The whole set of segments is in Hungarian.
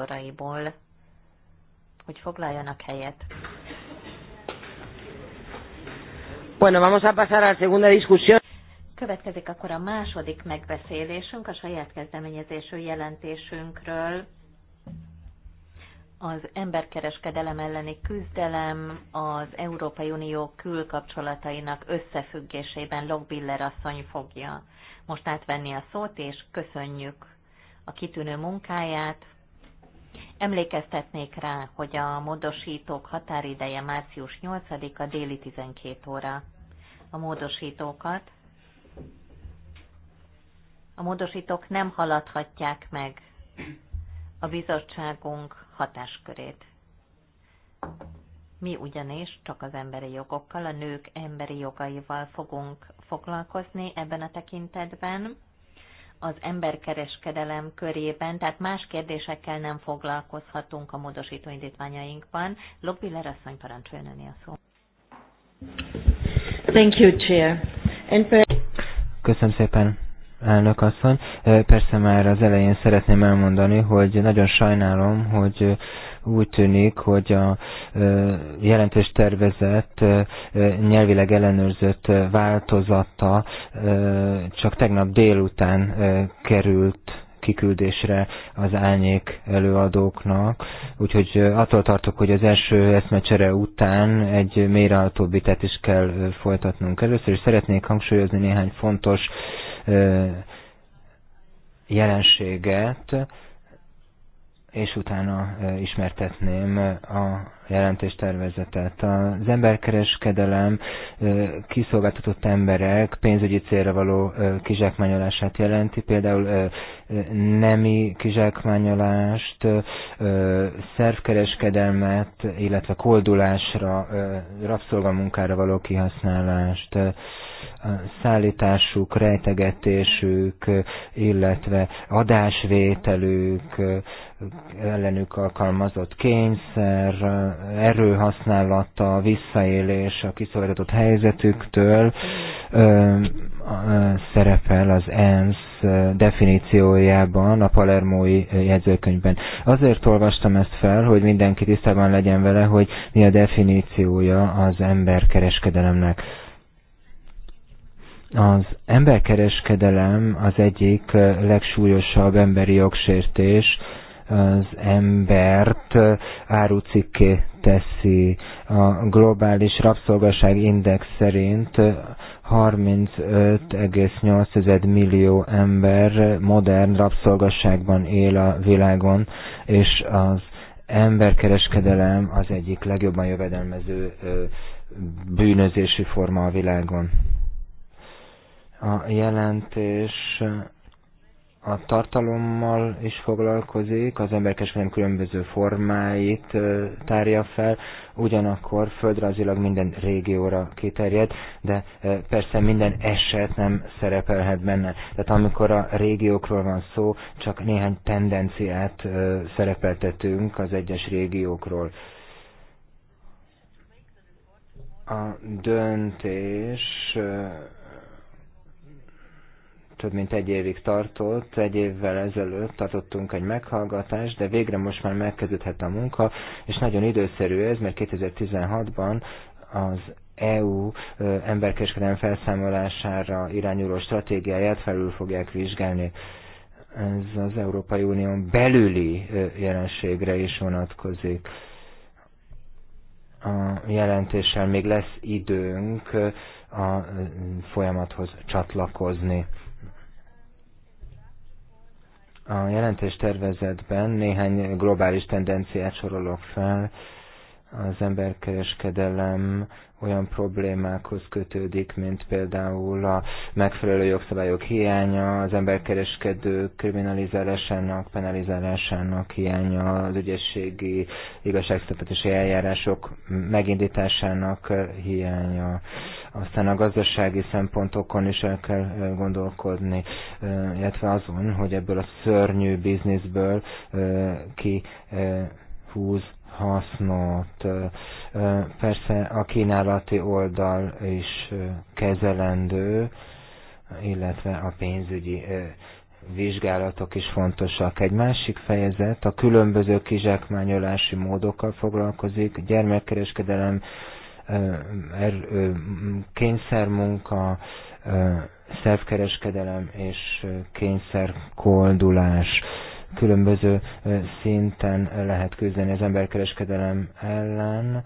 soraiból, hogy foglaljanak helyet. Bueno, vamos a pasar a segunda discusión. Következik akkor a második megbeszélésünk, a saját kezdeményezésű jelentésünkről. Az emberkereskedelem elleni küzdelem az Európai Unió külkapcsolatainak összefüggésében Logbiller asszony fogja most átvenni a szót, és köszönjük a kitűnő munkáját, Emlékeztetnék rá, hogy a módosítók határideje március 8-a déli 12 óra. A módosítókat a módosítók nem haladhatják meg a bizottságunk hatáskörét. Mi ugyanis csak az emberi jogokkal, a nők emberi jogaival fogunk foglalkozni ebben a tekintetben az emberkereskedelem körében, tehát más kérdésekkel nem foglalkozhatunk a módosító indítványainkban. Lobbiller asszony parancsoljon a szó. Thank you, Chair. And... Köszönöm szépen, elnök asszony. Persze már az elején szeretném elmondani, hogy nagyon sajnálom, hogy úgy tűnik, hogy a jelentős tervezet nyelvileg ellenőrzött változata csak tegnap délután került kiküldésre az álnyék előadóknak, úgyhogy attól tartok, hogy az első eszmecsere után egy mélyrehatóbb vitát is kell folytatnunk. Először is szeretnék hangsúlyozni néhány fontos uh, jelenséget, és utána ismertetném a jelentéstervezetet. Az emberkereskedelem kiszolgáltatott emberek pénzügyi célra való kizsákmányolását jelenti, például nemi kizsákmányolást, szervkereskedelmet, illetve koldulásra, rabszolgamunkára való kihasználást, szállításuk, rejtegetésük, illetve adásvételük, ellenük alkalmazott kényszer, erőhasználata, visszaélés a kiszolgáltatott helyzetüktől szerepel az ENSZ definíciójában, a palermói jegyzőkönyvben. Azért olvastam ezt fel, hogy mindenki tisztában legyen vele, hogy mi a definíciója az emberkereskedelemnek. Az emberkereskedelem az egyik legsúlyosabb emberi jogsértés, az embert árucikké teszi. A globális rabszolgaság index szerint 35,8 millió ember modern rabszolgaságban él a világon, és az emberkereskedelem az egyik legjobban jövedelmező bűnözési forma a világon. A jelentés a tartalommal is foglalkozik, az emberkereskedelem különböző formáit tárja fel, ugyanakkor földrajzilag minden régióra kiterjed, de persze minden eset nem szerepelhet benne. Tehát amikor a régiókról van szó, csak néhány tendenciát szerepeltetünk az egyes régiókról. A döntés több mint egy évig tartott, egy évvel ezelőtt tartottunk egy meghallgatást, de végre most már megkezdődhet a munka, és nagyon időszerű ez, mert 2016-ban az EU emberkereskedelem felszámolására irányuló stratégiáját felül fogják vizsgálni. Ez az Európai Unión belüli jelenségre is vonatkozik. A jelentéssel még lesz időnk a folyamathoz csatlakozni. A jelentés tervezetben néhány globális tendenciát sorolok fel, az emberkereskedelem olyan problémákhoz kötődik, mint például a megfelelő jogszabályok hiánya, az emberkereskedők kriminalizálásának, penalizálásának hiánya, az ügyességi igazságszabatási eljárások megindításának hiánya. Aztán a gazdasági szempontokon is el kell gondolkodni, illetve azon, hogy ebből a szörnyű bizniszből ki húz hasznot. Persze a kínálati oldal is kezelendő, illetve a pénzügyi vizsgálatok is fontosak. Egy másik fejezet a különböző kizsákmányolási módokkal foglalkozik, gyermekkereskedelem, er, kényszermunka, szervkereskedelem és kényszerkoldulás. koldulás különböző szinten lehet küzdeni az emberkereskedelem ellen,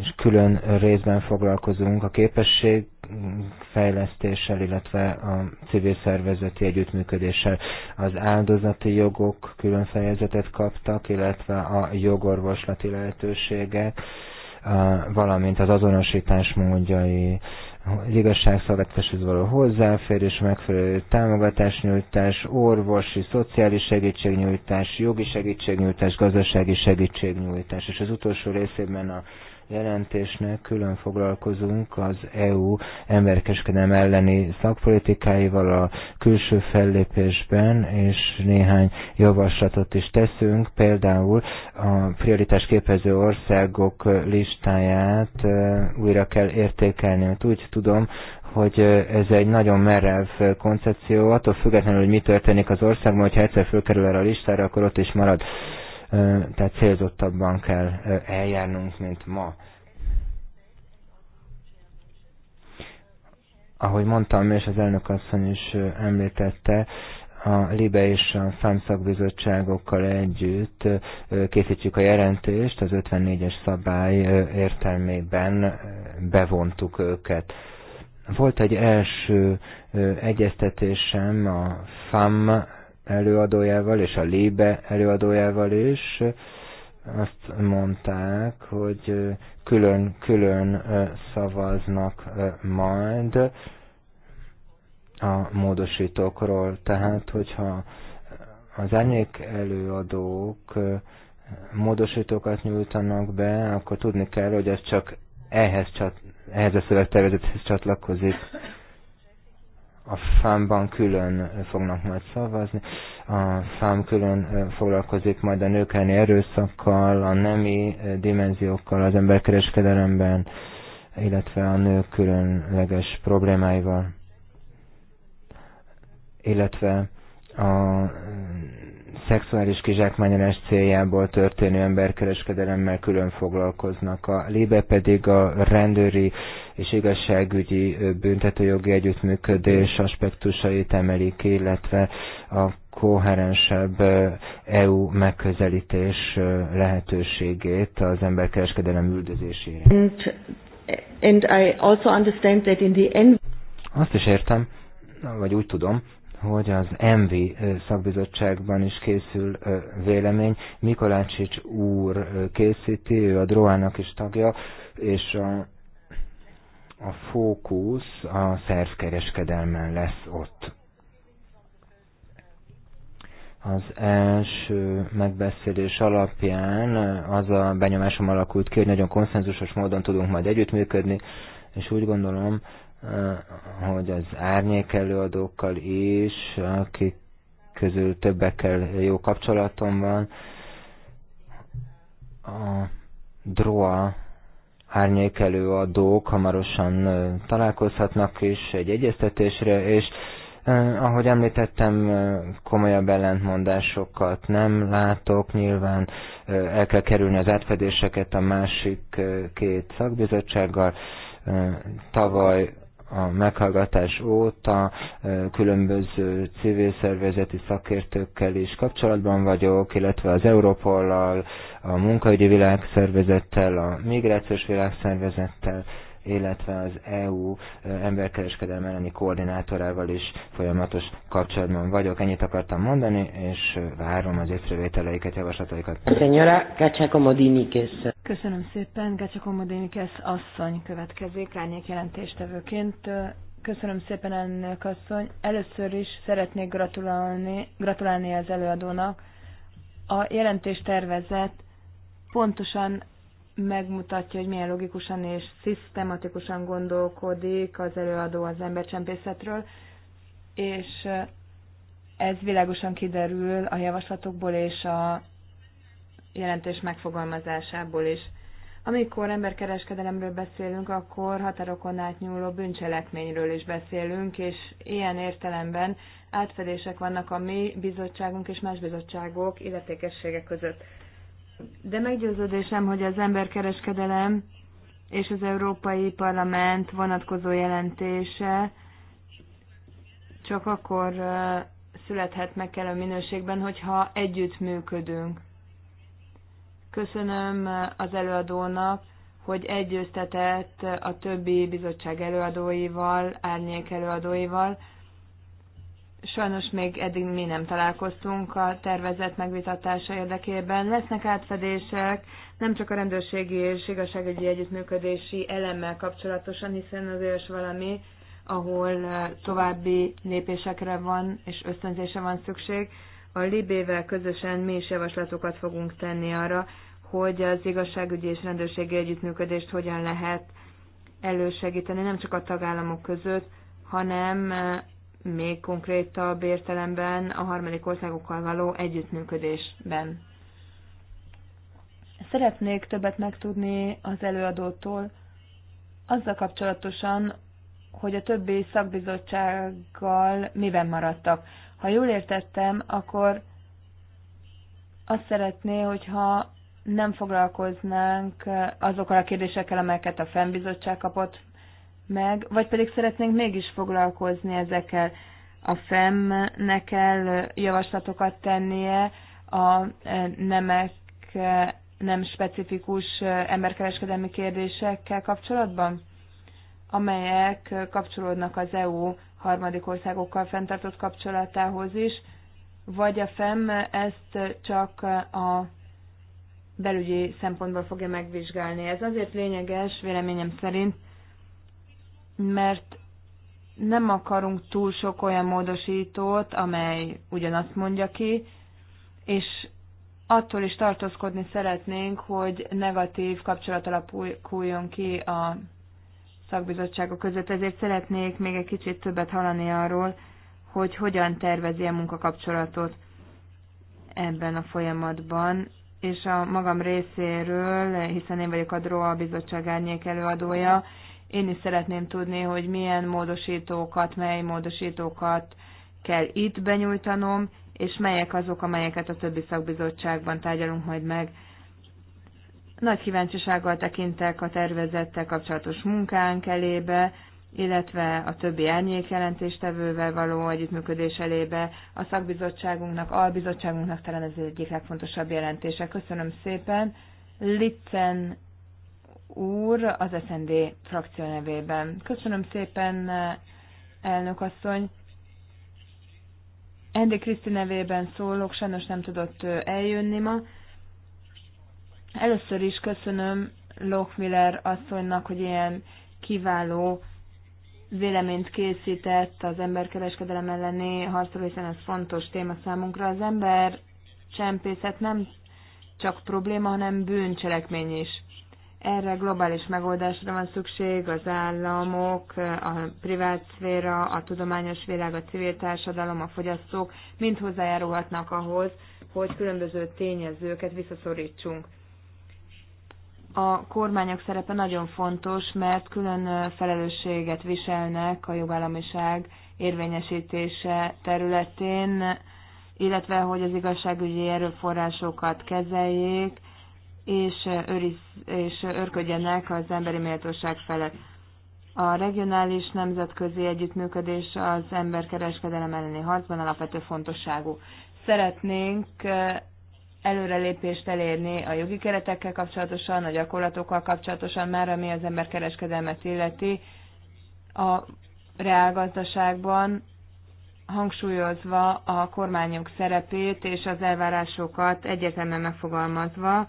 és külön részben foglalkozunk a képesség fejlesztéssel, illetve a civil szervezeti együttműködéssel. Az áldozati jogok külön fejezetet kaptak, illetve a jogorvoslati lehetőségek, valamint az azonosítás módjai az igazságszolgáltatáshoz való hozzáférés, megfelelő támogatásnyújtás, orvosi, szociális segítségnyújtás, jogi segítségnyújtás, gazdasági segítségnyújtás. És az utolsó részében a jelentésnek külön foglalkozunk az EU emberkereskedelem elleni szakpolitikáival a külső fellépésben, és néhány javaslatot is teszünk, például a prioritás képező országok listáját újra kell értékelni. Mert hát úgy tudom, hogy ez egy nagyon merev koncepció, attól függetlenül, hogy mi történik az országban, hogyha egyszer fölkerül erre a listára, akkor ott is marad tehát célzottabban kell eljárnunk, mint ma. Ahogy mondtam, és az elnök asszony is említette, a LIBE és a számszakbizottságokkal együtt készítjük a jelentést, az 54-es szabály értelmében bevontuk őket. Volt egy első egyeztetésem a FAM előadójával és a lébe előadójával is azt mondták, hogy külön-külön szavaznak majd a módosítókról. Tehát, hogyha az árnyék előadók módosítókat nyújtanak be, akkor tudni kell, hogy ez csak ehhez, csat, ehhez a szövegtervezethez csatlakozik a fámban külön fognak majd szavazni. A fám külön foglalkozik majd a nők erőszakkal, a nemi dimenziókkal az emberkereskedelemben, illetve a nők különleges problémáival, illetve a szexuális kizsákmányolás céljából történő emberkereskedelemmel külön foglalkoznak. A lébe pedig a rendőri és igazságügyi büntetőjogi együttműködés aspektusait emelik, illetve a koherensebb EU megközelítés lehetőségét az emberkereskedelem üldözésére. And, and I also understand that in the end... Azt is értem, vagy úgy tudom, hogy az ENVI szakbizottságban is készül vélemény. Mikolácsics úr készíti, ő a Droának is tagja, és a a fókusz a szervkereskedelmen lesz ott. Az első megbeszélés alapján az a benyomásom alakult ki, hogy nagyon konszenzusos módon tudunk majd együttműködni, és úgy gondolom, eh, hogy az árnyék előadókkal is, akik közül többekkel jó kapcsolatom van, a DROA előadók hamarosan találkozhatnak is egy egyeztetésre, és ahogy említettem, komolyabb ellentmondásokat nem látok, nyilván el kell kerülni az átfedéseket a másik két szakbizottsággal. Tavaly a meghallgatás óta különböző civil szervezeti szakértőkkel is kapcsolatban vagyok, illetve az Európollal, a munkaügyi világszervezettel, a migrációs világszervezettel, illetve az EU emberkereskedelme elleni koordinátorával is folyamatos kapcsolatban vagyok. Ennyit akartam mondani, és várom az észrevételeiket, javaslataikat. Köszönöm szépen, Gacsakomodini asszony következik, árnyék jelentéstevőként. Köszönöm szépen, elnök asszony. Először is szeretnék gratulálni, gratulálni az előadónak. A jelentés tervezet pontosan megmutatja, hogy milyen logikusan és szisztematikusan gondolkodik az előadó az embercsempészetről, és ez világosan kiderül a javaslatokból és a jelentés megfogalmazásából is. Amikor emberkereskedelemről beszélünk, akkor határokon átnyúló bűncselekményről is beszélünk, és ilyen értelemben átfedések vannak a mi bizottságunk és más bizottságok illetékessége között. De meggyőződésem, hogy az emberkereskedelem és az Európai Parlament vonatkozó jelentése csak akkor születhet meg kellő minőségben, hogyha együtt működünk. Köszönöm az előadónak, hogy egyőztetett a többi bizottság előadóival, árnyék előadóival, Sajnos még eddig mi nem találkoztunk a tervezet megvitatása érdekében. Lesznek átfedések, nem csak a rendőrségi és igazságügyi együttműködési elemmel kapcsolatosan, hiszen az olyas valami, ahol eh, további lépésekre van és ösztönzése van szükség. A Libével közösen mi is javaslatokat fogunk tenni arra, hogy az igazságügyi és rendőrségi együttműködést hogyan lehet elősegíteni, nem csak a tagállamok között, hanem eh, még konkrétabb értelemben a harmadik országokkal való együttműködésben. Szeretnék többet megtudni az előadótól azzal kapcsolatosan, hogy a többi szakbizottsággal miben maradtak. Ha jól értettem, akkor azt szeretné, hogyha nem foglalkoznánk azokkal a kérdésekkel, amelyeket a fennbizottság kapott meg, vagy pedig szeretnénk mégis foglalkozni ezekkel. A FEM-nek kell javaslatokat tennie a eh, nemek eh, nem specifikus eh, emberkereskedelmi kérdésekkel kapcsolatban, amelyek kapcsolódnak az EU harmadik országokkal fenntartott kapcsolatához is, vagy a FEM ezt csak a belügyi szempontból fogja megvizsgálni. Ez azért lényeges, véleményem szerint, mert nem akarunk túl sok olyan módosítót, amely ugyanazt mondja ki, és attól is tartózkodni szeretnénk, hogy negatív kapcsolat alapuljon ki a szakbizottságok között. Ezért szeretnék még egy kicsit többet hallani arról, hogy hogyan tervezi a munkakapcsolatot ebben a folyamatban, és a magam részéről, hiszen én vagyok a DROA bizottság árnyék előadója, én is szeretném tudni, hogy milyen módosítókat, mely módosítókat kell itt benyújtanom, és melyek azok, amelyeket a többi szakbizottságban tárgyalunk majd meg. Nagy kíváncsisággal tekintek a tervezettel kapcsolatos munkánk elébe, illetve a többi árnyékjelentéstevővel való együttműködés elébe. A szakbizottságunknak, albizottságunknak talán ez egyik legfontosabb jelentése. Köszönöm szépen. Litzen úr az SND frakció nevében. Köszönöm szépen, elnök asszony. Endi Kriszti nevében szólok, sajnos nem tudott eljönni ma. Először is köszönöm Lochmiller asszonynak, hogy ilyen kiváló véleményt készített az emberkereskedelem elleni harcról, hiszen ez fontos téma számunkra. Az ember csempészet nem csak probléma, hanem bűncselekmény is. Erre globális megoldásra van szükség, az államok, a privát szféra, a tudományos világ, a civil társadalom, a fogyasztók mind hozzájárulhatnak ahhoz, hogy különböző tényezőket visszaszorítsunk. A kormányok szerepe nagyon fontos, mert külön felelősséget viselnek a jogállamiság érvényesítése területén, illetve hogy az igazságügyi erőforrásokat kezeljék, és, őriz, és örködjenek az emberi méltóság felett. A regionális nemzetközi együttműködés az emberkereskedelem elleni harcban alapvető fontosságú. Szeretnénk előrelépést elérni a jogi keretekkel kapcsolatosan, a gyakorlatokkal kapcsolatosan, már ami az emberkereskedelmet illeti, a reálgazdaságban hangsúlyozva a kormányok szerepét és az elvárásokat egyértelműen megfogalmazva,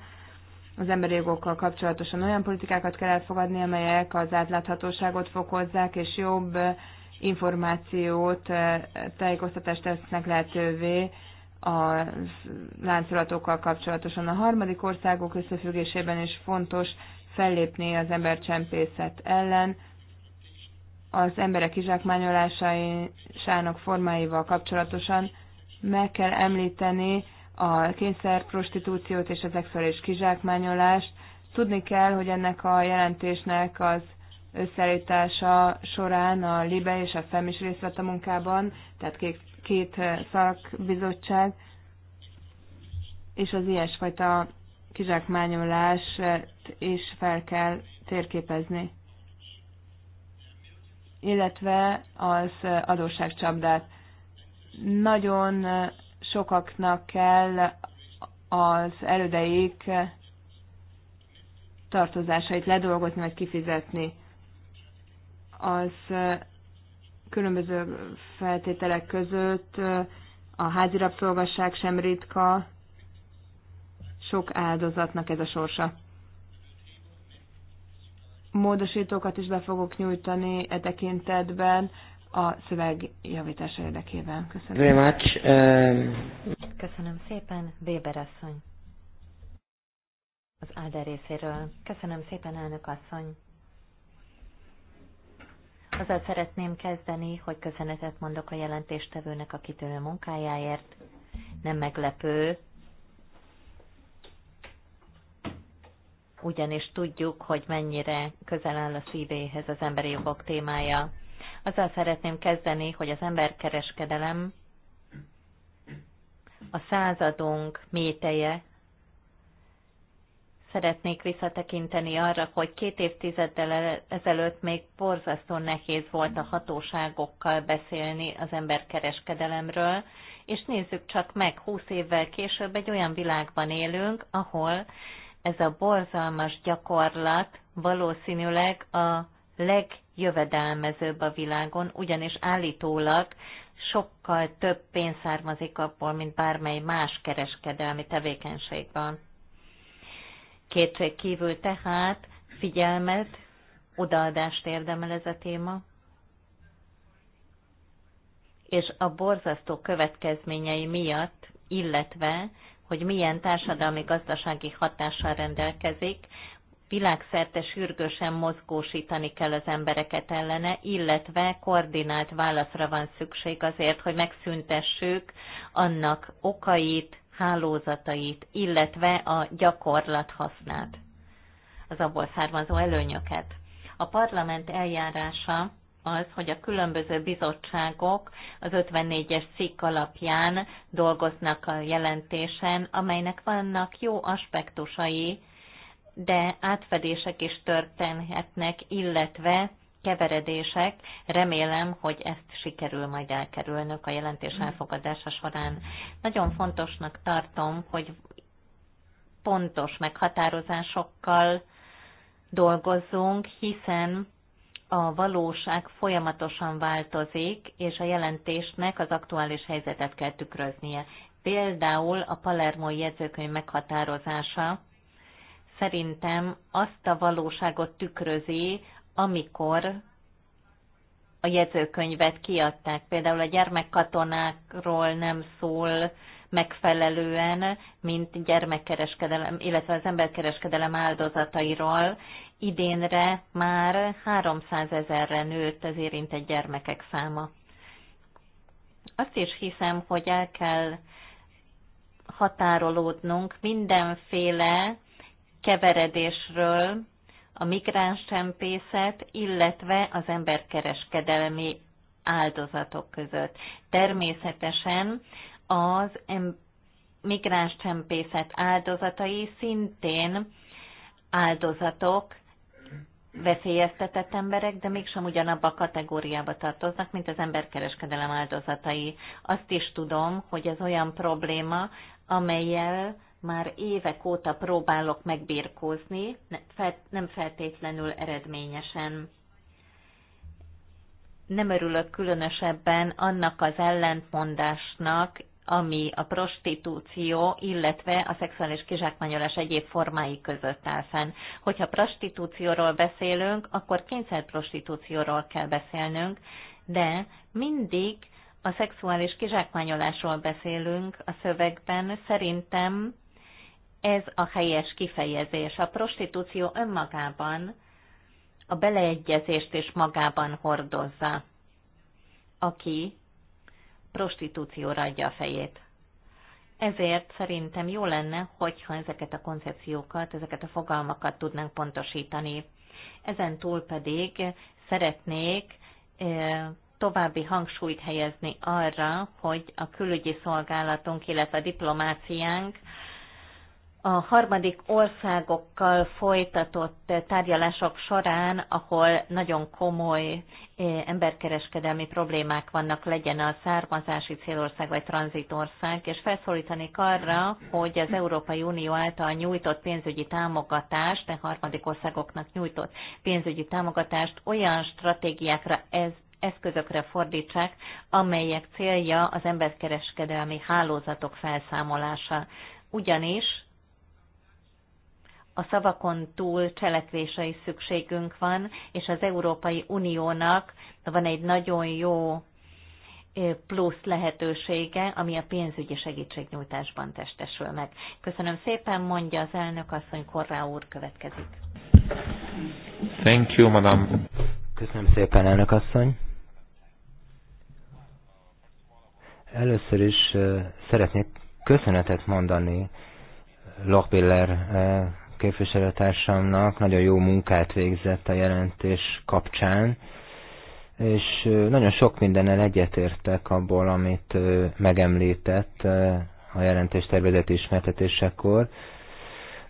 az emberi jogokkal kapcsolatosan olyan politikákat kell elfogadni, amelyek az átláthatóságot fokozzák, és jobb eh, információt, eh, tájékoztatást tesznek lehetővé a láncolatokkal kapcsolatosan. A harmadik országok összefüggésében is fontos fellépni az embercsempészet ellen, az emberek kizsákmányolásának formáival kapcsolatosan meg kell említeni a kényszerprostitúciót és a szexuális kizsákmányolást. Tudni kell, hogy ennek a jelentésnek az összeállítása során a LIBE és a FEM is részt vett a munkában, tehát két, két szakbizottság, és az ilyesfajta kizsákmányolást is fel kell térképezni. Illetve az adósságcsapdát. Nagyon sokaknak kell az elődeik tartozásait ledolgozni vagy kifizetni. Az különböző feltételek között a rabszolgasság sem ritka, sok áldozatnak ez a sorsa. Módosítókat is be fogok nyújtani e tekintetben, a szöveg javítása érdekében. Köszönöm. Very much. Um... Köszönöm szépen, Weber asszony. Az Áda részéről. Köszönöm szépen, elnök asszony. Azzal szeretném kezdeni, hogy köszönetet mondok a jelentéstevőnek a kitűnő munkájáért. Nem meglepő, ugyanis tudjuk, hogy mennyire közel áll a szívéhez az emberi jogok témája azzal szeretném kezdeni, hogy az emberkereskedelem a századunk méteje. Szeretnék visszatekinteni arra, hogy két évtizeddel ezelőtt még borzasztó nehéz volt a hatóságokkal beszélni az emberkereskedelemről, és nézzük csak meg, húsz évvel később egy olyan világban élünk, ahol ez a borzalmas gyakorlat valószínűleg a legjövedelmezőbb a világon, ugyanis állítólag sokkal több pénz származik abból, mint bármely más kereskedelmi tevékenységben. Kétség kívül tehát figyelmet, odaadást érdemel ez a téma, és a borzasztó következményei miatt, illetve, hogy milyen társadalmi-gazdasági hatással rendelkezik, világszerte sürgősen mozgósítani kell az embereket ellene, illetve koordinált válaszra van szükség azért, hogy megszüntessük annak okait, hálózatait, illetve a gyakorlat hasznát, az abból származó előnyöket. A parlament eljárása az, hogy a különböző bizottságok az 54-es cikk alapján dolgoznak a jelentésen, amelynek vannak jó aspektusai, de átfedések is történhetnek, illetve keveredések. Remélem, hogy ezt sikerül majd elkerülnök a jelentés mm. elfogadása során. Nagyon fontosnak tartom, hogy pontos meghatározásokkal dolgozzunk, hiszen a valóság folyamatosan változik, és a jelentésnek az aktuális helyzetet kell tükröznie. Például a Palermo jegyzőkönyv meghatározása szerintem azt a valóságot tükrözi, amikor a jegyzőkönyvet kiadták. Például a gyermekkatonákról nem szól megfelelően, mint gyermekkereskedelem, illetve az emberkereskedelem áldozatairól. Idénre már 300 ezerre nőtt az érintett gyermekek száma. Azt is hiszem, hogy el kell határolódnunk mindenféle keveredésről, a migránscsempészet, illetve az emberkereskedelmi áldozatok között. Természetesen az migránscsempészet áldozatai szintén áldozatok, veszélyeztetett emberek, de mégsem ugyanabba a kategóriába tartoznak, mint az emberkereskedelem áldozatai. Azt is tudom, hogy ez olyan probléma, amelyel már évek óta próbálok megbirkózni, nem feltétlenül eredményesen. Nem örülök különösebben annak az ellentmondásnak, ami a prostitúció, illetve a szexuális kizsákmányolás egyéb formái között áll fenn. Hogyha prostitúcióról beszélünk, akkor kényszerprostitúcióról kell beszélnünk, de mindig a szexuális kizsákmányolásról beszélünk a szövegben, szerintem ez a helyes kifejezés. A prostitúció önmagában a beleegyezést is magában hordozza, aki prostitúcióra adja a fejét. Ezért szerintem jó lenne, hogyha ezeket a koncepciókat, ezeket a fogalmakat tudnánk pontosítani. Ezen túl pedig szeretnék további hangsúlyt helyezni arra, hogy a külügyi szolgálatunk, illetve a diplomáciánk a harmadik országokkal folytatott tárgyalások során, ahol nagyon komoly eh, emberkereskedelmi problémák vannak, legyen a származási célország vagy tranzitország, és felszólítanék arra, hogy az Európai Unió által nyújtott pénzügyi támogatást, a harmadik országoknak nyújtott pénzügyi támogatást olyan stratégiákra ez eszközökre fordítsák, amelyek célja az emberkereskedelmi hálózatok felszámolása. Ugyanis a szavakon túl cselekvése is szükségünk van, és az Európai Uniónak van egy nagyon jó plusz lehetősége, ami a pénzügyi segítségnyújtásban testesül meg. Köszönöm szépen, mondja az elnök asszony Korrá úr következik. Thank you, madam. Köszönöm szépen, elnök asszony. Először is szeretnék köszönetet mondani Lochbiller képviselőtársamnak, nagyon jó munkát végzett a jelentés kapcsán, és nagyon sok mindennel egyetértek abból, amit megemlített a jelentés tervezeti ismertetésekor.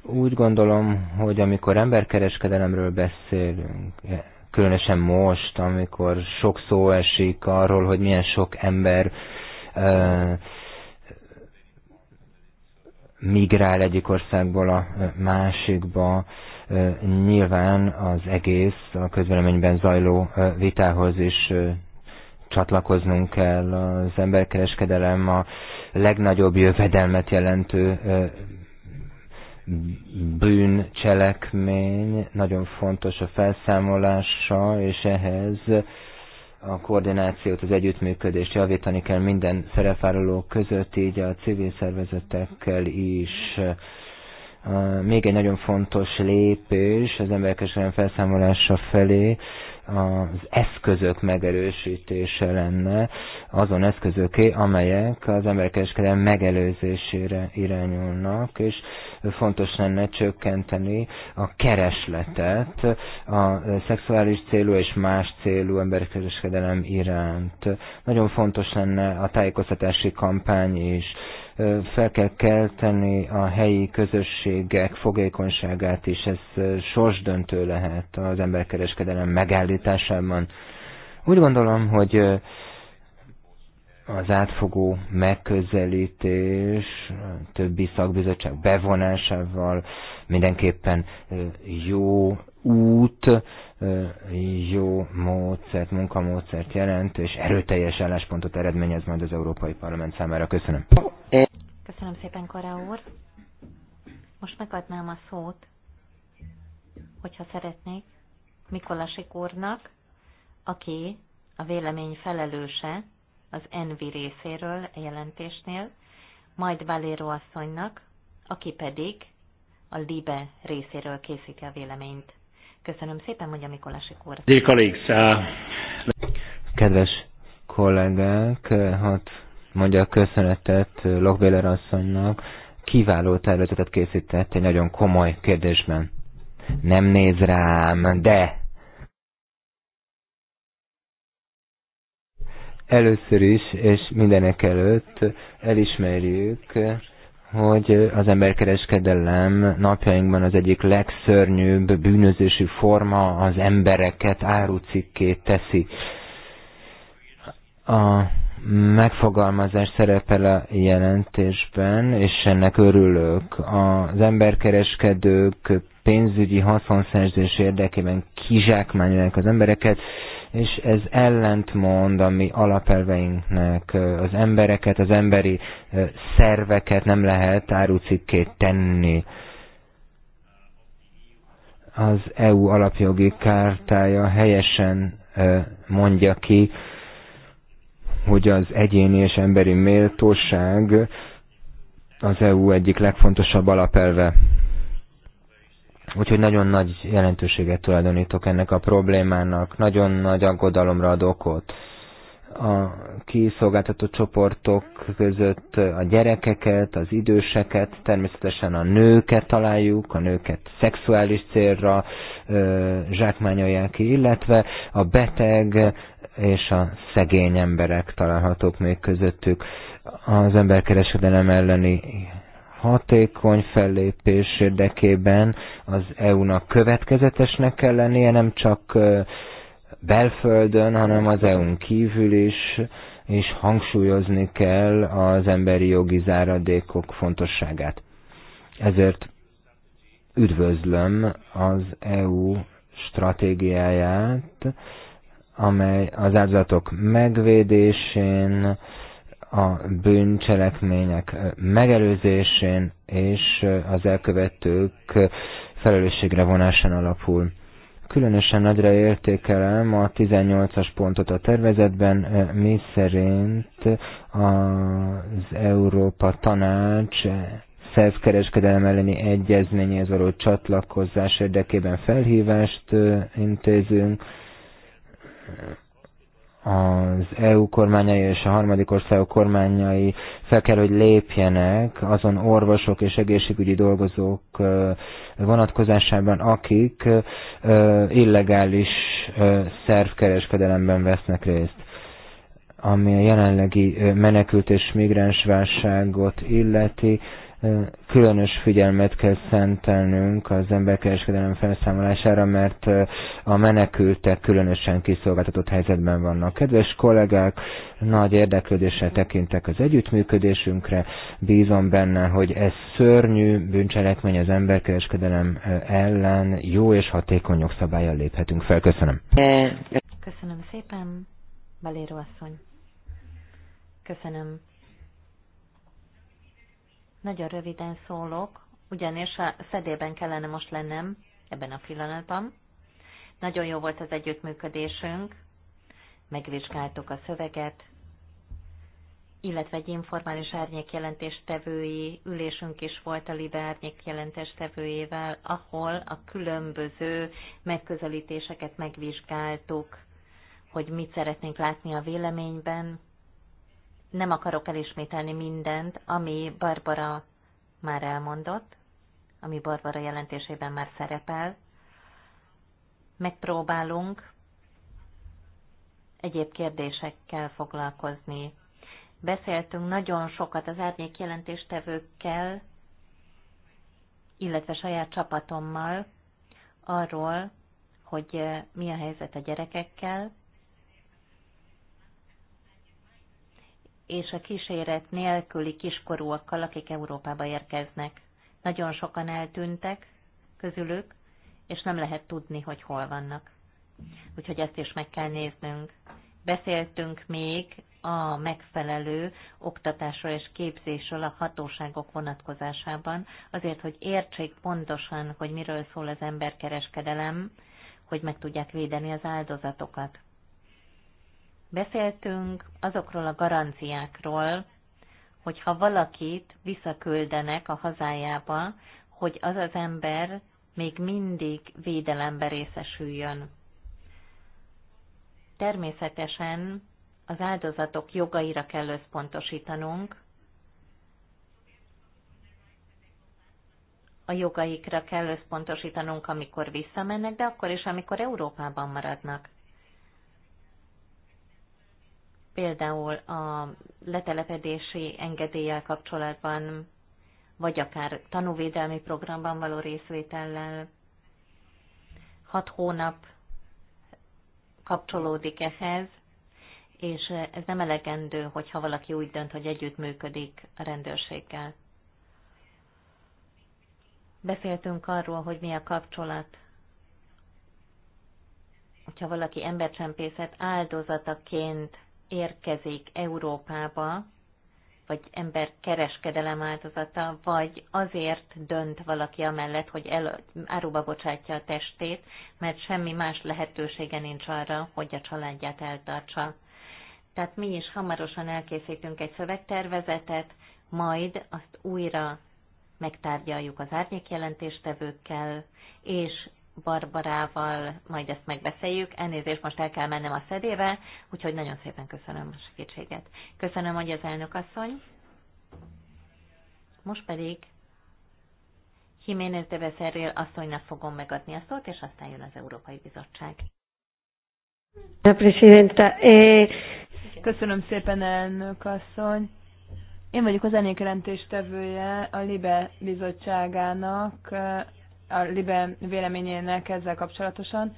Úgy gondolom, hogy amikor emberkereskedelemről beszélünk, e, különösen most, amikor sok szó esik arról, hogy milyen sok ember migrál egyik országból a másikba, nyilván az egész a közvéleményben zajló vitához is csatlakoznunk kell. Az emberkereskedelem a legnagyobb jövedelmet jelentő bűncselekmény, nagyon fontos a felszámolása, és ehhez a koordinációt, az együttműködést javítani kell minden szerepvállaló között, így a civil szervezetekkel is. Még egy nagyon fontos lépés az emberkeskedelem felszámolása felé, az eszközök megerősítése lenne, azon eszközöké, amelyek az emberkereskedelem megelőzésére irányulnak, és fontos lenne csökkenteni a keresletet a szexuális célú és más célú emberkereskedelem iránt. Nagyon fontos lenne a tájékoztatási kampány is, fel kell kelteni a helyi közösségek fogékonyságát is, ez sorsdöntő lehet az emberkereskedelem megállításában. Úgy gondolom, hogy az átfogó megközelítés többi szakbizottság bevonásával mindenképpen jó út, jó módszert, munkamódszert jelent, és erőteljes álláspontot eredményez majd az Európai Parlament számára. Köszönöm. Köszönöm szépen, kora úr. Most megadnám a szót, hogyha szeretnék, Mikolasi úrnak, aki a vélemény felelőse az Envi részéről a jelentésnél, majd Valéro asszonynak, aki pedig a Libe részéről készíti a véleményt. Köszönöm szépen, mondja Mikolási úr. Uh, Kedves kollégák, hát uh, mondja köszönetet Lokbéler asszonynak, kiváló tervezetet készített egy nagyon komoly kérdésben. Nem néz rám, de először is, és mindenek előtt elismerjük hogy az emberkereskedelem napjainkban az egyik legszörnyűbb bűnözési forma az embereket árucikké teszi. A megfogalmazás szerepel a jelentésben, és ennek örülök. Az emberkereskedők pénzügyi haszonszerzés érdekében kizsákmányolják az embereket, és ez ellentmond a mi alapelveinknek. Az embereket, az emberi szerveket nem lehet árucikkét tenni. Az EU alapjogi kártája helyesen mondja ki, hogy az egyéni és emberi méltóság az EU egyik legfontosabb alapelve. Úgyhogy nagyon nagy jelentőséget tulajdonítok ennek a problémának, nagyon nagy aggodalomra ad okot. A kiszolgáltató csoportok között a gyerekeket, az időseket, természetesen a nőket találjuk, a nőket szexuális célra ö, zsákmányolják ki, illetve a beteg és a szegény emberek találhatók még közöttük. Az emberkereskedelem elleni hatékony fellépés érdekében az EU-nak következetesnek kell lennie, nem csak belföldön, hanem az EU-n kívül is, és hangsúlyozni kell az emberi jogi záradékok fontosságát. Ezért üdvözlöm az EU stratégiáját, amely az áldozatok megvédésén, a bűncselekmények megelőzésén és az elkövetők felelősségre vonásán alapul. Különösen nagyra értékelem a 18-as pontot a tervezetben, mi szerint az Európa Tanács szervkereskedelem elleni egyezményhez való csatlakozás érdekében felhívást intézünk, az EU kormányai és a harmadik országok kormányai fel kell, hogy lépjenek azon orvosok és egészségügyi dolgozók vonatkozásában, akik illegális szervkereskedelemben vesznek részt ami a jelenlegi menekült és válságot illeti, különös figyelmet kell szentelnünk az emberkereskedelem felszámolására, mert a menekültek különösen kiszolgáltatott helyzetben vannak. Kedves kollégák, nagy érdeklődéssel tekintek az együttműködésünkre, bízom benne, hogy ez szörnyű bűncselekmény az emberkereskedelem ellen jó és hatékony jogszabályjal léphetünk fel. Köszönöm. Köszönöm szépen, Valéro asszony. Köszönöm nagyon röviden szólok, ugyanis a szedében kellene most lennem ebben a pillanatban. Nagyon jó volt az együttműködésünk, megvizsgáltuk a szöveget, illetve egy informális árnyékjelentéstevői ülésünk is volt a LIBE árnyékjelentéstevőjével, ahol a különböző megközelítéseket megvizsgáltuk, hogy mit szeretnénk látni a véleményben, nem akarok elismételni mindent, ami Barbara már elmondott, ami Barbara jelentésében már szerepel. Megpróbálunk egyéb kérdésekkel foglalkozni. Beszéltünk nagyon sokat az árnyék jelentéstevőkkel, illetve saját csapatommal arról, hogy mi a helyzet a gyerekekkel, és a kíséret nélküli kiskorúakkal, akik Európába érkeznek. Nagyon sokan eltűntek közülük, és nem lehet tudni, hogy hol vannak. Úgyhogy ezt is meg kell néznünk. Beszéltünk még a megfelelő oktatásról és képzésről a hatóságok vonatkozásában, azért, hogy értsék pontosan, hogy miről szól az emberkereskedelem, hogy meg tudják védeni az áldozatokat. Beszéltünk azokról a garanciákról, hogyha valakit visszaküldenek a hazájába, hogy az az ember még mindig védelembe részesüljön. Természetesen az áldozatok jogaira kell összpontosítanunk, a jogaikra kell összpontosítanunk, amikor visszamennek, de akkor is, amikor Európában maradnak például a letelepedési engedéllyel kapcsolatban, vagy akár tanúvédelmi programban való részvétellel. Hat hónap kapcsolódik ehhez, és ez nem elegendő, hogyha valaki úgy dönt, hogy együttműködik a rendőrséggel. Beszéltünk arról, hogy mi a kapcsolat hogyha valaki embercsempészet áldozataként érkezik Európába, vagy ember kereskedelem áldozata, vagy azért dönt valaki amellett, hogy el, áruba bocsátja a testét, mert semmi más lehetősége nincs arra, hogy a családját eltartsa. Tehát mi is hamarosan elkészítünk egy szövegtervezetet, majd azt újra megtárgyaljuk az árnyékjelentéstevőkkel, és Barbarával majd ezt megbeszéljük. Elnézést, most el kell mennem a szedébe, úgyhogy nagyon szépen köszönöm a segítséget. Köszönöm, hogy az elnök asszony. Most pedig Jiménez de Becerril asszonynak fogom megadni a szót, és aztán jön az Európai Bizottság. Eh, köszönöm szépen, elnök asszony. Én vagyok az jelentéstevője a LIBE bizottságának, eh, a Libe véleményének ezzel kapcsolatosan,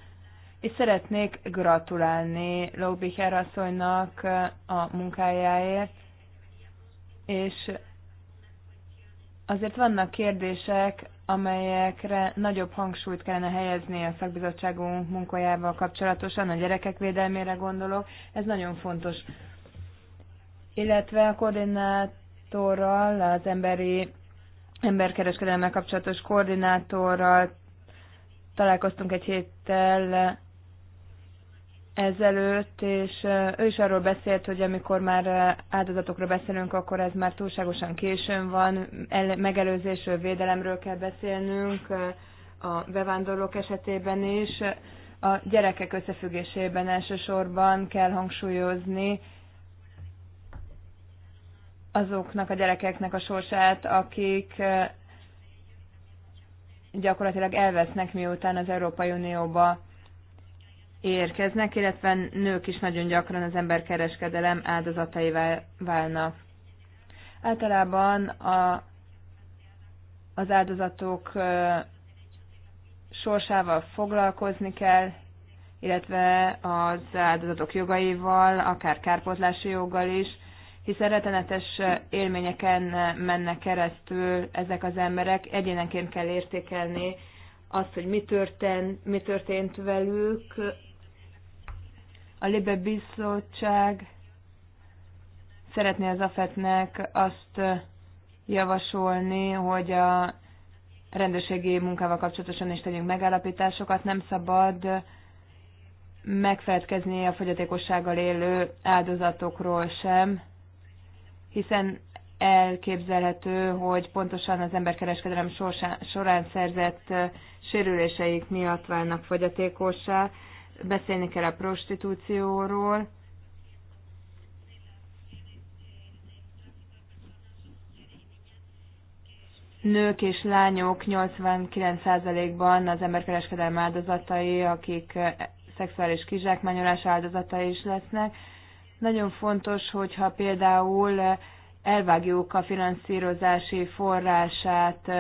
és szeretnék gratulálni Lóbicher asszonynak a munkájáért, és azért vannak kérdések, amelyekre nagyobb hangsúlyt kellene helyezni a szakbizottságunk munkájával kapcsolatosan, a gyerekek védelmére gondolok, ez nagyon fontos. Illetve a koordinátorral, az emberi emberkereskedelemmel kapcsolatos koordinátorral találkoztunk egy héttel ezelőtt, és ő is arról beszélt, hogy amikor már áldozatokra beszélünk, akkor ez már túlságosan későn van, megelőzésről, védelemről kell beszélnünk, a bevándorlók esetében is, a gyerekek összefüggésében elsősorban kell hangsúlyozni azoknak a gyerekeknek a sorsát, akik gyakorlatilag elvesznek, miután az Európai Unióba érkeznek, illetve nők is nagyon gyakran az emberkereskedelem áldozatai válnak. Általában a, az áldozatok sorsával foglalkozni kell, illetve az áldozatok jogaival, akár kárpótlási joggal is, hiszen rettenetes élményeken mennek keresztül ezek az emberek, egyénenként kell értékelni azt, hogy mi történt, mi történt velük. A Libe Bizottság szeretné az AFET-nek azt javasolni, hogy a rendőrségi munkával kapcsolatosan is tegyünk megállapításokat, nem szabad megfelelkezni a fogyatékossággal élő áldozatokról sem hiszen elképzelhető, hogy pontosan az emberkereskedelem során szerzett sérüléseik miatt válnak fogyatékossá. Beszélni kell a prostitúcióról, nők és lányok 89%-ban az emberkereskedelem áldozatai, akik szexuális kizsákmányolás áldozatai is lesznek. Nagyon fontos, hogyha például elvágjuk a finanszírozási forrását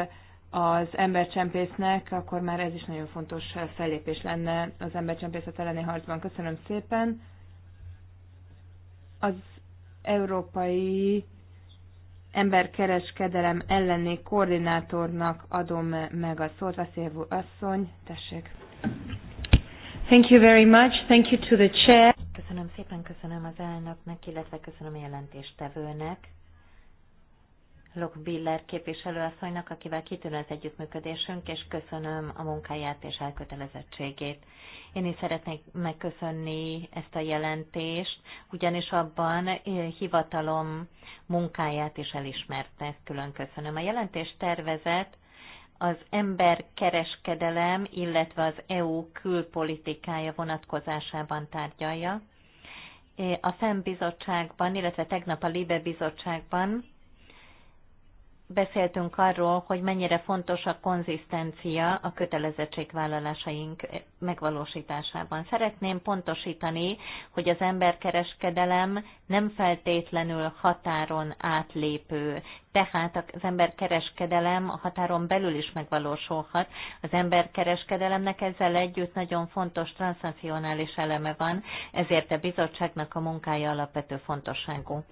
az embercsempésznek, akkor már ez is nagyon fontos fellépés lenne az embercsempészet elleni harcban. Köszönöm szépen. Az európai emberkereskedelem elleni koordinátornak adom meg a szót. Vaszélvú asszony, tessék. Thank you very much. Thank you to the chair. Köszönöm szépen, köszönöm az elnöknek, illetve köszönöm a jelentéstevőnek, Lok Biller képviselőasszonynak, akivel kitűnő az együttműködésünk, és köszönöm a munkáját és elkötelezettségét. Én is szeretnék megköszönni ezt a jelentést, ugyanis abban eh, hivatalom munkáját is elismerte, ezt külön köszönöm. A jelentés tervezet az emberkereskedelem, illetve az EU külpolitikája vonatkozásában tárgyalja. A FEM bizottságban, illetve tegnap a LIBE bizottságban beszéltünk arról, hogy mennyire fontos a konzisztencia a kötelezettségvállalásaink megvalósításában. Szeretném pontosítani, hogy az emberkereskedelem nem feltétlenül határon átlépő, tehát az emberkereskedelem a határon belül is megvalósulhat. Az emberkereskedelemnek ezzel együtt nagyon fontos transzacionális eleme van, ezért a bizottságnak a munkája alapvető fontosságú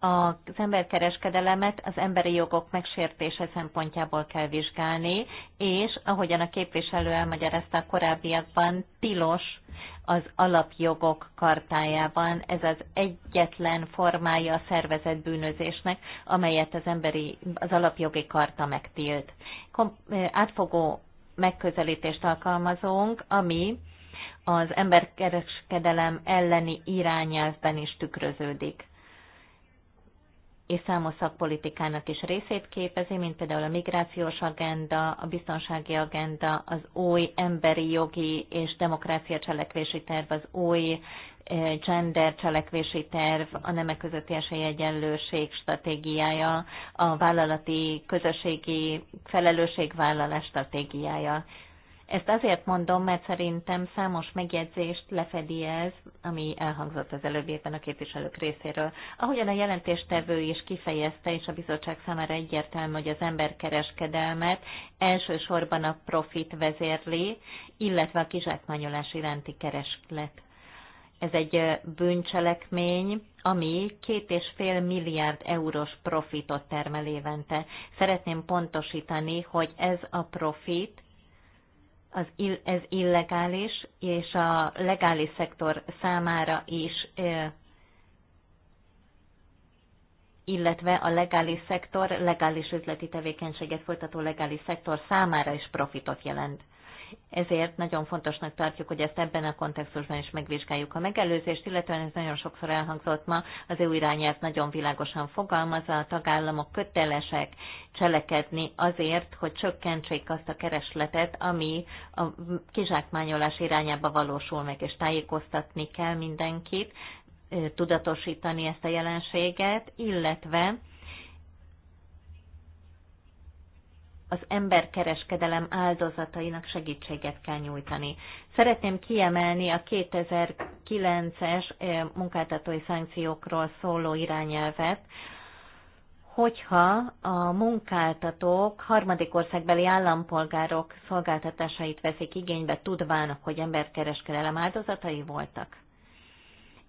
az emberkereskedelemet az emberi jogok megsértése szempontjából kell vizsgálni, és ahogyan a képviselő elmagyarázta a korábbiakban, tilos az alapjogok kartájában. Ez az egyetlen formája a szervezett bűnözésnek, amelyet az, emberi, az alapjogi karta megtilt. Kom- átfogó megközelítést alkalmazunk, ami az emberkereskedelem elleni irányelvben is tükröződik és számos szakpolitikának is részét képezi, mint például a migrációs agenda, a biztonsági agenda, az új emberi jogi és demokrácia cselekvési terv, az új e, gender cselekvési terv, a nemek közötti esélyegyenlőség stratégiája, a vállalati közösségi felelősségvállalás stratégiája. Ezt azért mondom, mert szerintem számos megjegyzést lefedi ez, ami elhangzott az előbb éppen a képviselők részéről. Ahogyan a jelentéstevő is kifejezte, és a bizottság számára egyértelmű, hogy az emberkereskedelmet elsősorban a profit vezérli, illetve a kizsákmányolás iránti kereslet. Ez egy bűncselekmény, ami két és fél milliárd eurós profitot termel évente. Szeretném pontosítani, hogy ez a profit az ill, ez illegális, és a legális szektor számára is, illetve a legális szektor, legális üzleti tevékenységet folytató legális szektor számára is profitot jelent ezért nagyon fontosnak tartjuk, hogy ezt ebben a kontextusban is megvizsgáljuk a megelőzést, illetve ez nagyon sokszor elhangzott ma, az EU irányelv nagyon világosan fogalmazza, a tagállamok kötelesek cselekedni azért, hogy csökkentsék azt a keresletet, ami a kizsákmányolás irányába valósul meg, és tájékoztatni kell mindenkit, tudatosítani ezt a jelenséget, illetve az emberkereskedelem áldozatainak segítséget kell nyújtani. Szeretném kiemelni a 2009-es eh, munkáltatói szankciókról szóló irányelvet, hogyha a munkáltatók harmadik országbeli állampolgárok szolgáltatásait veszik igénybe, tudván, hogy emberkereskedelem áldozatai voltak.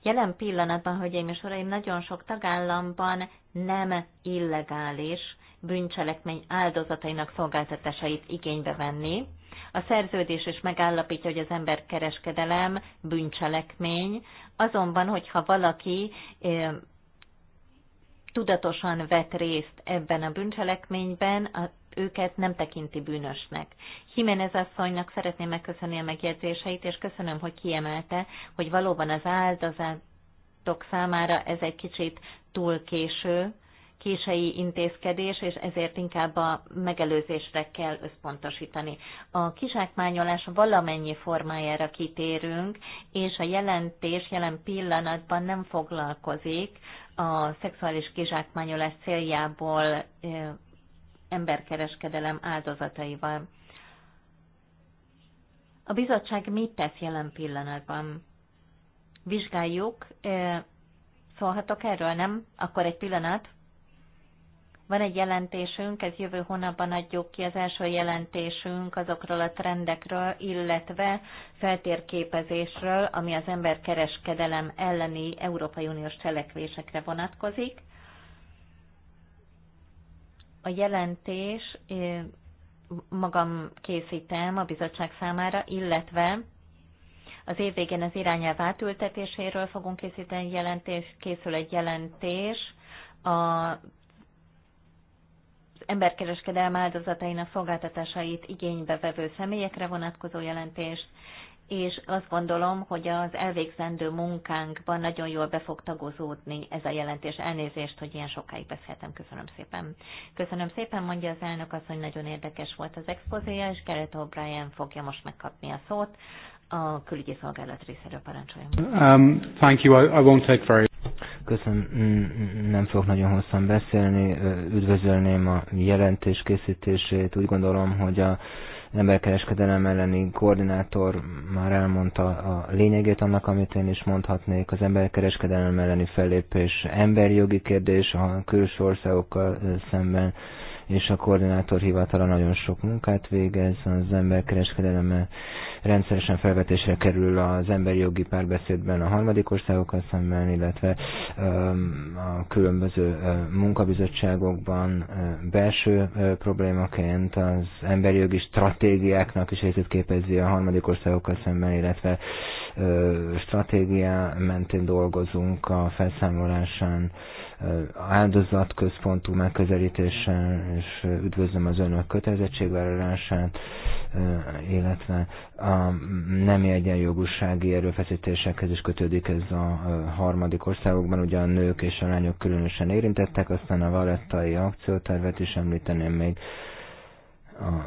Jelen pillanatban, hölgyeim és uraim, nagyon sok tagállamban nem illegális bűncselekmény áldozatainak szolgáltatásait igénybe venni. A szerződés is megállapítja, hogy az ember kereskedelem bűncselekmény, azonban, hogyha valaki tudatosan vett részt ebben a bűncselekményben, a, őket nem tekinti bűnösnek. Jiménez asszonynak szeretném megköszönni a megjegyzéseit, és köszönöm, hogy kiemelte, hogy valóban az áldozatok számára ez egy kicsit túl késő, késői intézkedés, és ezért inkább a megelőzésre kell összpontosítani. A kizsákmányolás valamennyi formájára kitérünk, és a jelentés jelen pillanatban nem foglalkozik a szexuális kizsákmányolás céljából emberkereskedelem áldozataival. A bizottság mit tesz jelen pillanatban? Vizsgáljuk, szólhatok erről, nem? Akkor egy pillanat. Van egy jelentésünk, ez jövő hónapban adjuk ki az első jelentésünk azokról a trendekről, illetve feltérképezésről, ami az emberkereskedelem elleni Európai Uniós cselekvésekre vonatkozik. A jelentés magam készítem a bizottság számára, illetve az év végén az irányelv átültetéséről fogunk készíteni jelentést, készül egy jelentés a emberkereskedelem áldozatainak szolgáltatásait igénybe vevő személyekre vonatkozó jelentést, és azt gondolom, hogy az elvégzendő munkánkban nagyon jól be fog tagozódni ez a jelentés. Elnézést, hogy ilyen sokáig beszéltem. Köszönöm szépen. Köszönöm szépen, mondja az elnök azt, hogy nagyon érdekes volt az expozéja, és Gerrit O'Brien fogja most megkapni a szót, a külügyi szolgálat részéről parancsoljon. Um, thank you, I, I won't take very... Köszönöm, mm, nem fogok nagyon hosszan beszélni, üdvözölném a jelentés készítését. Úgy gondolom, hogy a emberkereskedelem elleni koordinátor már elmondta a lényegét annak, amit én is mondhatnék. Az emberkereskedelem elleni fellépés emberjogi kérdés a külső országokkal szemben és a koordinátor hivatala nagyon sok munkát végez, az emberkereskedelem rendszeresen felvetésre kerül az emberi jogi párbeszédben a harmadik országokkal szemben, illetve a különböző munkabizottságokban belső problémaként az emberi jogi stratégiáknak is részét képezi a harmadik országokkal szemben, illetve stratégia mentén dolgozunk a felszámolásán áldozatközpontú megközelítéssel, és üdvözlöm az önök kötelezettségvállalását, illetve a nemi egyenjogúsági erőfeszítésekhez is kötődik ez a harmadik országokban, ugye a nők és a lányok különösen érintettek, aztán a valettai akciótervet is említeném még, a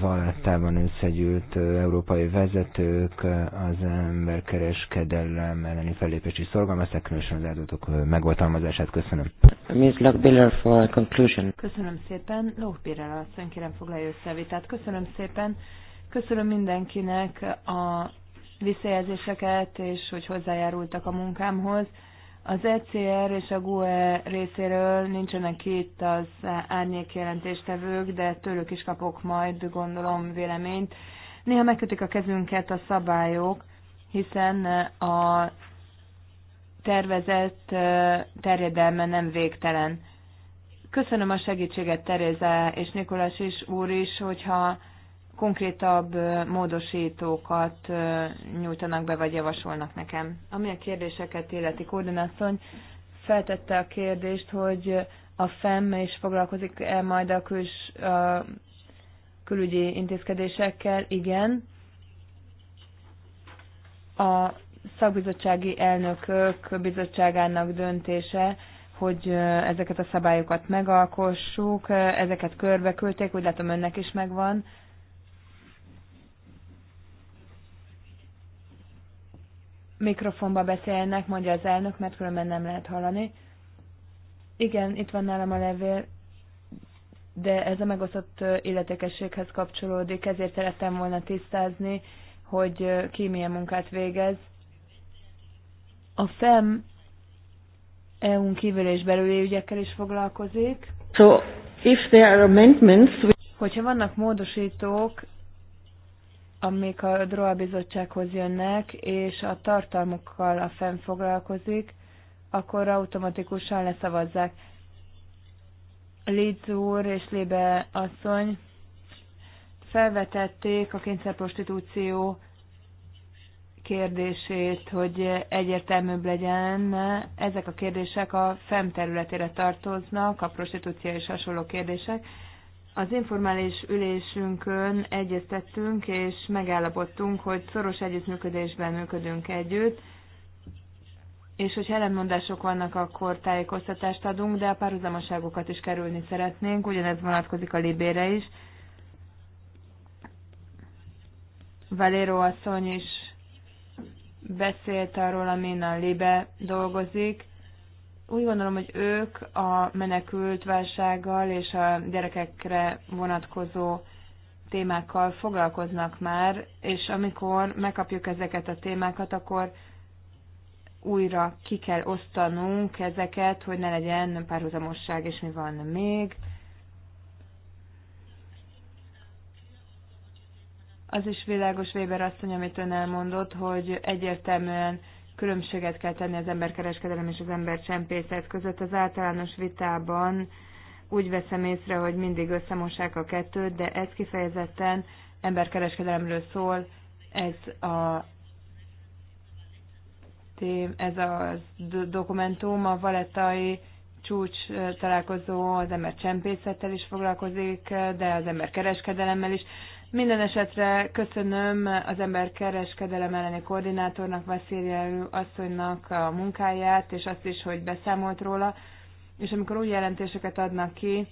Valettában összegyűlt európai vezetők az emberkereskedelem elleni fellépési szorgalmazták, különösen az áldozatok megoltalmazását. Köszönöm. Ms. Lockbiller for conclusion. Köszönöm szépen. Lockbiller asszony, kérem foglalja össze vitát. Köszönöm szépen. Köszönöm mindenkinek a visszajelzéseket, és hogy hozzájárultak a munkámhoz. Az ECR és a GUE részéről nincsenek itt az árnyék jelentéstevők, de tőlük is kapok majd, gondolom, véleményt. Néha megkötik a kezünket a szabályok, hiszen a tervezett terjedelme nem végtelen. Köszönöm a segítséget Teréza és Nikolás is úr is, hogyha konkrétabb módosítókat nyújtanak be, vagy javasolnak nekem. Ami a kérdéseket életi koordinászony feltette a kérdést, hogy a FEM is foglalkozik-e majd a, küls, a külügyi intézkedésekkel. Igen. A szakbizottsági elnökök bizottságának döntése, hogy ezeket a szabályokat megalkossuk, ezeket körbe küldték, úgy látom önnek is megvan mikrofonba beszélnek, mondja az elnök, mert különben nem lehet hallani. Igen, itt van nálam a levél, de ez a megosztott illetékességhez kapcsolódik, ezért szerettem volna tisztázni, hogy ki milyen munkát végez. A FEM EU-n kívül és belüli ügyekkel is foglalkozik. So, if there are amendments, Hogyha vannak módosítók, amik a DROA bizottsághoz jönnek, és a tartalmukkal a FEM foglalkozik, akkor automatikusan leszavazzák. Lidz úr és Lébe asszony felvetették a kényszerprostitúció kérdését, hogy egyértelműbb legyen. Ezek a kérdések a FEM területére tartoznak, a prostitúció és hasonló kérdések az informális ülésünkön egyeztettünk és megállapodtunk, hogy szoros együttműködésben működünk együtt, és hogy ellentmondások vannak, akkor tájékoztatást adunk, de a párhuzamoságokat is kerülni szeretnénk, ugyanez vonatkozik a libére is. Valéro asszony is beszélt arról, amin a libe dolgozik, úgy gondolom, hogy ők a menekült válsággal és a gyerekekre vonatkozó témákkal foglalkoznak már, és amikor megkapjuk ezeket a témákat, akkor újra ki kell osztanunk ezeket, hogy ne legyen párhuzamosság, és mi van még. Az is világos Weber asszony, amit ön elmondott, hogy egyértelműen különbséget kell tenni az emberkereskedelem és az embercsempészet között. Az általános vitában úgy veszem észre, hogy mindig összemossák a kettőt, de ez kifejezetten emberkereskedelemről szól, ez a ez a dokumentum a valetai csúcs találkozó az ember csempészettel is foglalkozik, de az ember kereskedelemmel is. Minden esetre köszönöm az kereskedelem elleni koordinátornak, Vasszérielő asszonynak a munkáját, és azt is, hogy beszámolt róla. És amikor új jelentéseket adnak ki,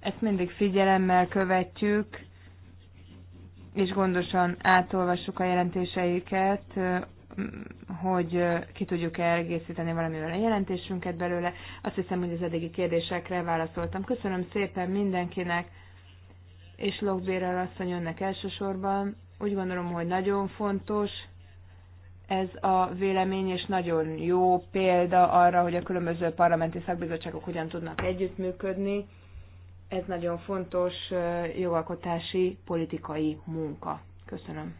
ezt mindig figyelemmel követjük, és gondosan átolvassuk a jelentéseiket, hogy ki tudjuk elgészíteni valamivel a jelentésünket belőle. Azt hiszem, hogy az eddigi kérdésekre válaszoltam. Köszönöm szépen mindenkinek! és Lokbérel asszony önnek elsősorban. Úgy gondolom, hogy nagyon fontos ez a vélemény, és nagyon jó példa arra, hogy a különböző parlamenti szakbizottságok hogyan tudnak együttműködni. Ez nagyon fontos jogalkotási, politikai munka. Köszönöm.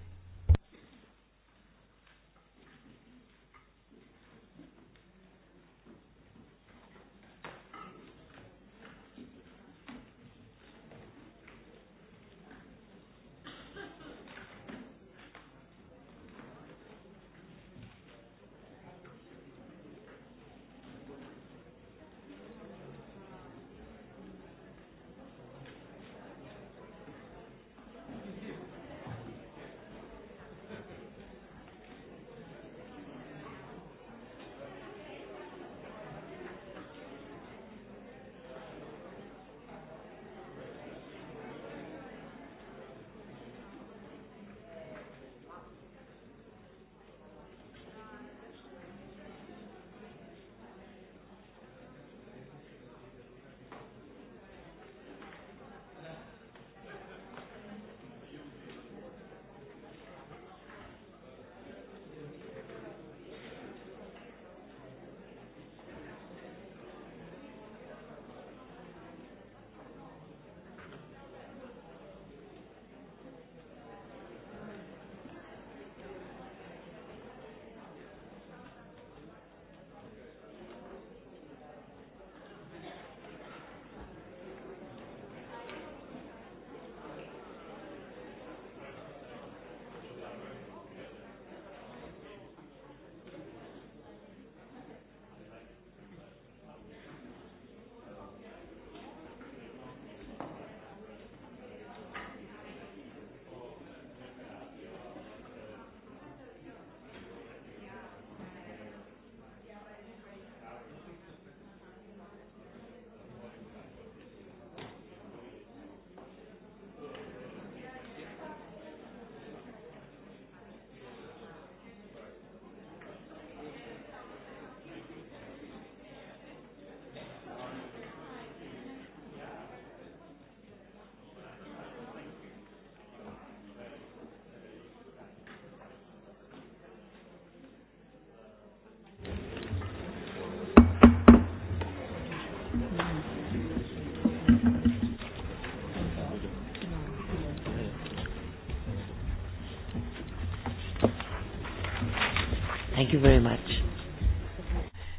Thank you very much.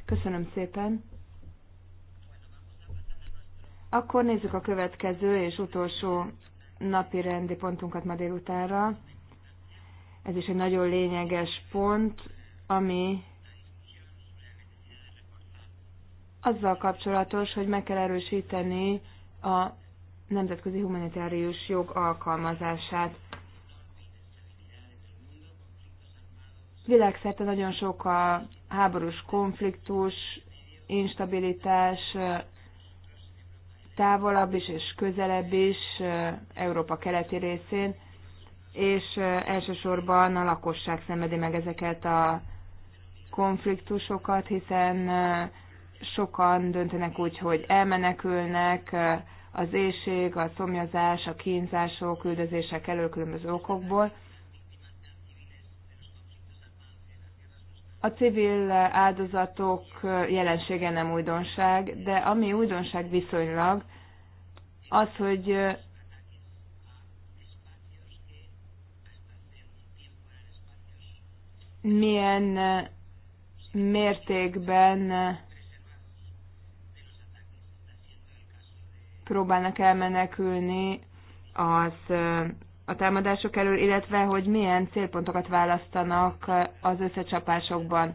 Köszönöm szépen. Akkor nézzük a következő és utolsó napi rendi pontunkat ma délutánra. Ez is egy nagyon lényeges pont, ami azzal kapcsolatos, hogy meg kell erősíteni a nemzetközi humanitárius jog alkalmazását. Világszerte nagyon sok a háborús konfliktus, instabilitás, távolabb is és közelebb is Európa keleti részén, és elsősorban a lakosság szenvedi meg ezeket a konfliktusokat, hiszen sokan döntenek úgy, hogy elmenekülnek, az éjség, a szomjazás, a kínzások, küldözések elől különböző okokból. A civil áldozatok jelensége nem újdonság, de ami újdonság viszonylag, az, hogy milyen mértékben próbálnak elmenekülni az a támadások elől, illetve hogy milyen célpontokat választanak az összecsapásokban.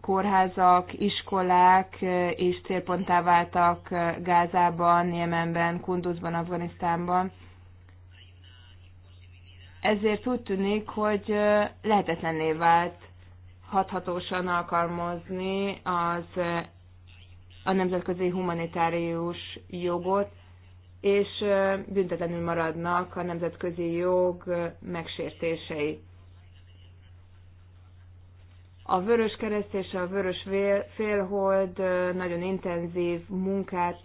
Kórházak, iskolák is célponttá váltak Gázában, Jemenben, Kunduzban, Afganisztánban. Ezért úgy tűnik, hogy lehetetlenné vált hathatósan alkalmazni az a nemzetközi humanitárius jogot, és büntetlenül maradnak a nemzetközi jog megsértései. A Vörös Kereszt és a Vörös Félhold nagyon intenzív munkát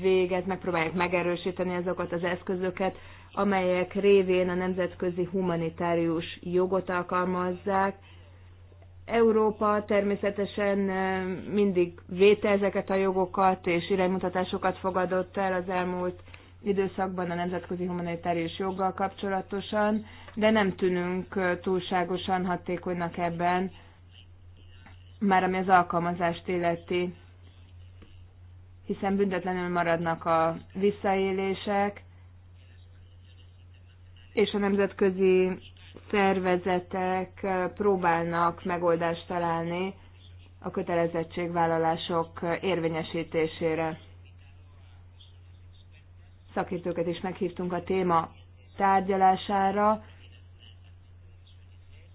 végez, megpróbálják megerősíteni azokat az eszközöket, amelyek révén a nemzetközi humanitárius jogot alkalmazzák, Európa természetesen eh, mindig védte ezeket a jogokat, és iránymutatásokat fogadott el az elmúlt időszakban a nemzetközi humanitárius joggal kapcsolatosan, de nem tűnünk eh, túlságosan hatékonynak ebben, már ami az alkalmazást illeti, hiszen büntetlenül maradnak a visszaélések, és a nemzetközi szervezetek próbálnak megoldást találni a kötelezettségvállalások érvényesítésére. Szakértőket is meghívtunk a téma tárgyalására,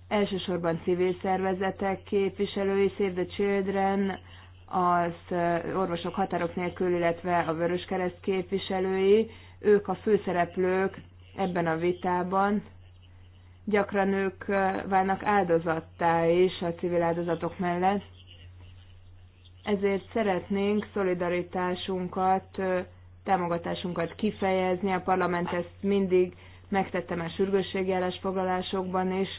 elsősorban civil szervezetek képviselői, Save the Children, az orvosok határok nélkül, illetve a Vöröskereszt képviselői, ők a főszereplők ebben a vitában, gyakran ők válnak áldozattá is a civil áldozatok mellett. Ezért szeretnénk szolidaritásunkat, támogatásunkat kifejezni. A parlament ezt mindig megtette már sürgősségi foglalásokban is,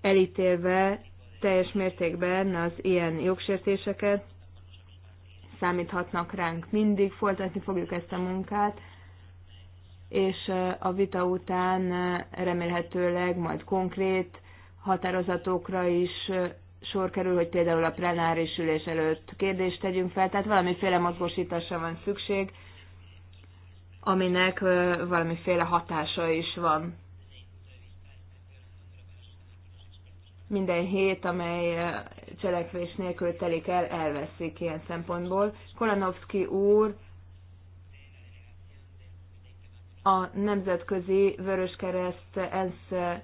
elítélve teljes mértékben az ilyen jogsértéseket számíthatnak ránk mindig, folytatni fogjuk ezt a munkát, és a vita után remélhetőleg majd konkrét határozatokra is sor kerül, hogy például a plenáris ülés előtt kérdést tegyünk fel, tehát valamiféle mozgósításra van szükség, aminek valamiféle hatása is van. Minden hét, amely cselekvés nélkül telik el, elveszik ilyen szempontból. Kolanovski úr a Nemzetközi Vöröskereszt ENSZ,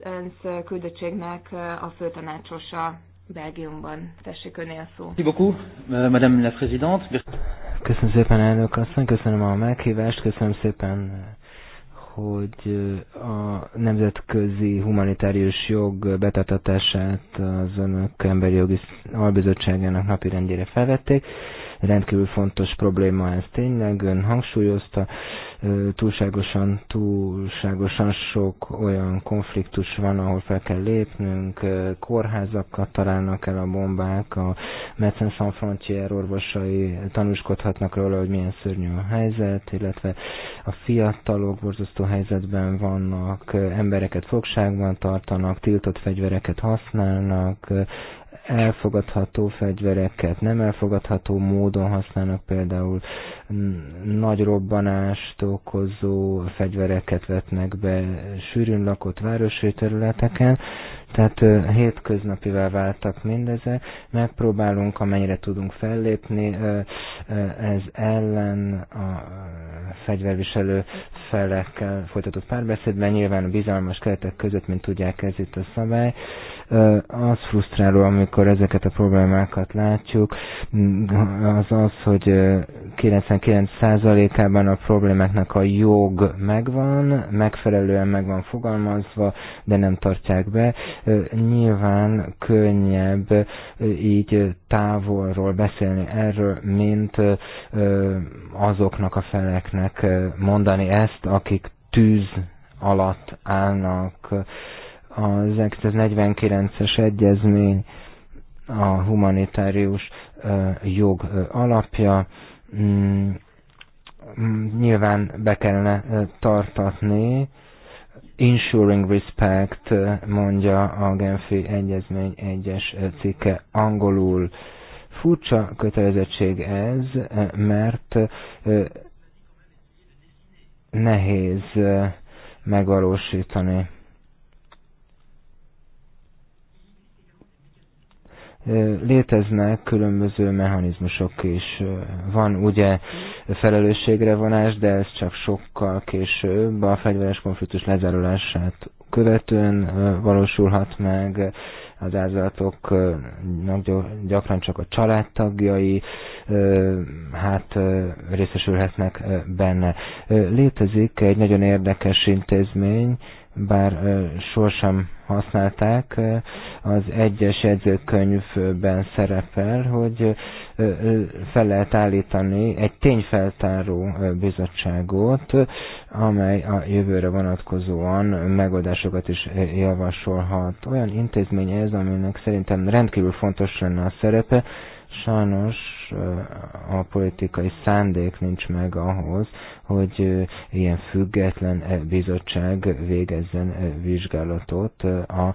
ENSZ küldöttségnek a főtanácsosa Belgiumban. Tessék öné a szó. Madame la Présidente. Köszönöm szépen, elnök asszony, köszönöm a meghívást, köszönöm szépen hogy a nemzetközi humanitárius jog betartatását az önök emberi jogi albizottságának napirendjére felvették rendkívül fontos probléma ez. Tényleg ön hangsúlyozta, túlságosan, túlságosan sok olyan konfliktus van, ahol fel kell lépnünk, kórházakat találnak el a bombák, a Médecins Sans Frontier orvosai tanúskodhatnak róla, hogy milyen szörnyű a helyzet, illetve a fiatalok borzasztó helyzetben vannak, embereket fogságban tartanak, tiltott fegyvereket használnak, elfogadható fegyvereket nem elfogadható módon használnak, például nagy robbanást okozó fegyvereket vetnek be sűrűn lakott városi területeken, tehát hétköznapivá váltak mindezek, megpróbálunk, amennyire tudunk fellépni, ez ellen a fegyverviselő felekkel folytatott párbeszédben, nyilván a bizalmas keretek között, mint tudják, ez itt a szabály, az frusztráló, amikor ezeket a problémákat látjuk, az az, hogy 99%-ában a problémáknak a jog megvan, megfelelően megvan fogalmazva, de nem tartják be. Nyilván könnyebb így távolról beszélni erről, mint azoknak a feleknek mondani ezt, akik tűz alatt állnak, az 1949-es egyezmény a humanitárius jog alapja. Mm, nyilván be kellene tartatni. "insuring respect, mondja a Genfi Egyezmény egyes cikke angolul. Furcsa kötelezettség ez, mert nehéz megvalósítani. léteznek különböző mechanizmusok is. Van ugye felelősségre vonás, de ez csak sokkal később a fegyveres konfliktus lezárulását követően valósulhat meg, az áldozatok gyakran csak a családtagjai hát részesülhetnek benne. Létezik egy nagyon érdekes intézmény, bár sosem használták, az egyes jegyzőkönyvben szerepel, hogy fel lehet állítani egy tényfeltáró bizottságot, amely a jövőre vonatkozóan megoldásokat is javasolhat. Olyan intézmény ez, aminek szerintem rendkívül fontos lenne a szerepe, Sajnos a politikai szándék nincs meg ahhoz, hogy ilyen független bizottság végezzen vizsgálatot a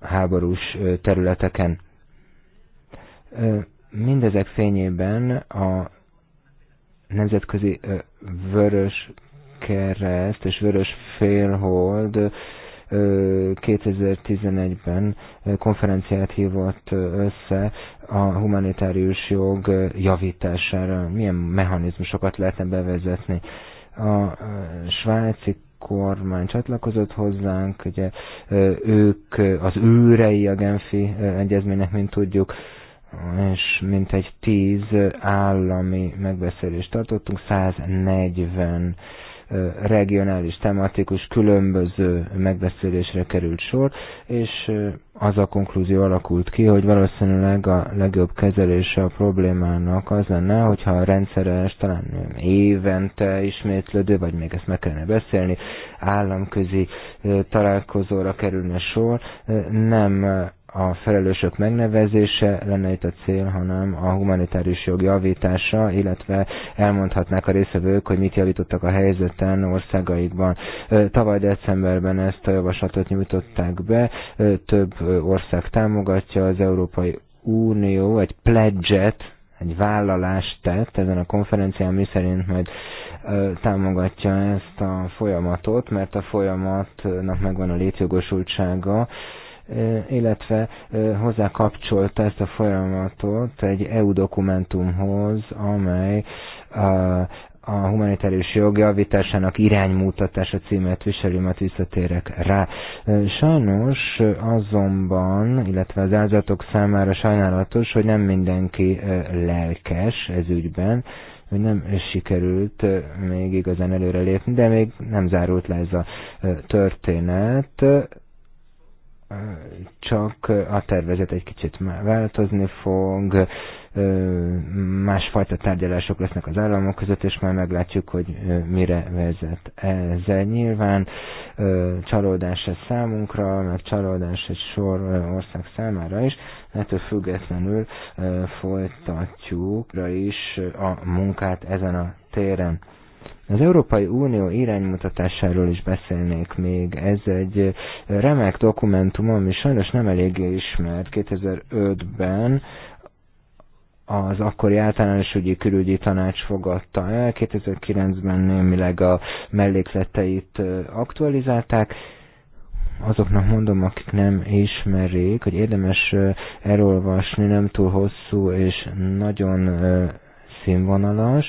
háborús területeken. Mindezek fényében a nemzetközi vörös kereszt és vörös félhold 2011-ben konferenciát hívott össze a humanitárius jog javítására. Milyen mechanizmusokat lehetne bevezetni? A svájci kormány csatlakozott hozzánk, ugye ők az őrei a Genfi egyezménynek, mint tudjuk, és mintegy tíz állami megbeszélést tartottunk, 140 regionális, tematikus, különböző megbeszélésre került sor, és az a konklúzió alakult ki, hogy valószínűleg a legjobb kezelése a problémának az lenne, hogyha a rendszeres, talán évente ismétlődő, vagy még ezt meg kellene beszélni, államközi találkozóra kerülne sor, nem a felelősök megnevezése lenne itt a cél, hanem a humanitárius jog javítása, illetve elmondhatnák a részvevők, hogy mit javítottak a helyzeten országaikban. Tavaly decemberben ezt a javaslatot nyújtották be, több ország támogatja, az Európai Unió egy pledget, egy vállalást tett ezen a konferencián, mi szerint majd támogatja ezt a folyamatot, mert a folyamatnak megvan a létjogosultsága, illetve hozzá kapcsolta ezt a folyamatot egy EU dokumentumhoz, amely a humanitárius jog javításának iránymutatása címet viseli, mert visszatérek rá. Sajnos azonban, illetve az áldozatok számára sajnálatos, hogy nem mindenki lelkes ez ügyben, hogy nem sikerült még igazán előrelépni, de még nem zárult le ez a történet csak a tervezet egy kicsit változni fog, másfajta tárgyalások lesznek az államok között, és majd meglátjuk, hogy mire vezet ez Nyilván csalódás ez számunkra, meg csalódás egy sor ország számára is, ettől függetlenül folytatjuk is a munkát ezen a téren. Az Európai Unió iránymutatásáról is beszélnék még. Ez egy remek dokumentum, ami sajnos nem eléggé ismert. 2005-ben az akkori általános ügyi külügyi tanács fogadta el, 2009-ben némileg a mellékleteit aktualizálták. Azoknak mondom, akik nem ismerik, hogy érdemes elolvasni, nem túl hosszú és nagyon színvonalas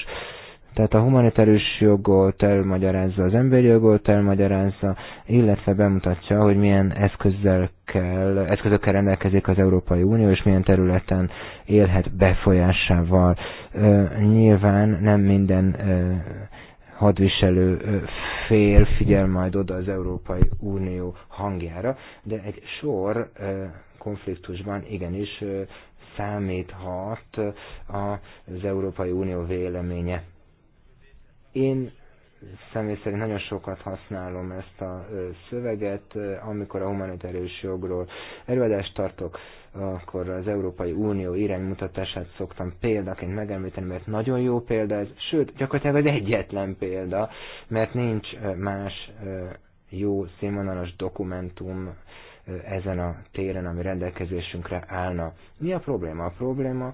tehát a humanitárius jogot elmagyarázza, az emberi jogot elmagyarázza, illetve bemutatja, hogy milyen eszközzel kell, eszközökkel rendelkezik az Európai Unió, és milyen területen élhet befolyásával. Nyilván nem minden hadviselő fél figyel majd oda az Európai Unió hangjára, de egy sor konfliktusban igenis számíthat az Európai Unió véleménye. Én személy szerint nagyon sokat használom ezt a szöveget, amikor a humanitárius jogról előadást tartok, akkor az Európai Unió iránymutatását szoktam példaként megemlíteni, mert nagyon jó példa ez, sőt, gyakorlatilag az egyetlen példa, mert nincs más jó színvonalas dokumentum ezen a téren, ami rendelkezésünkre állna. Mi a probléma? A probléma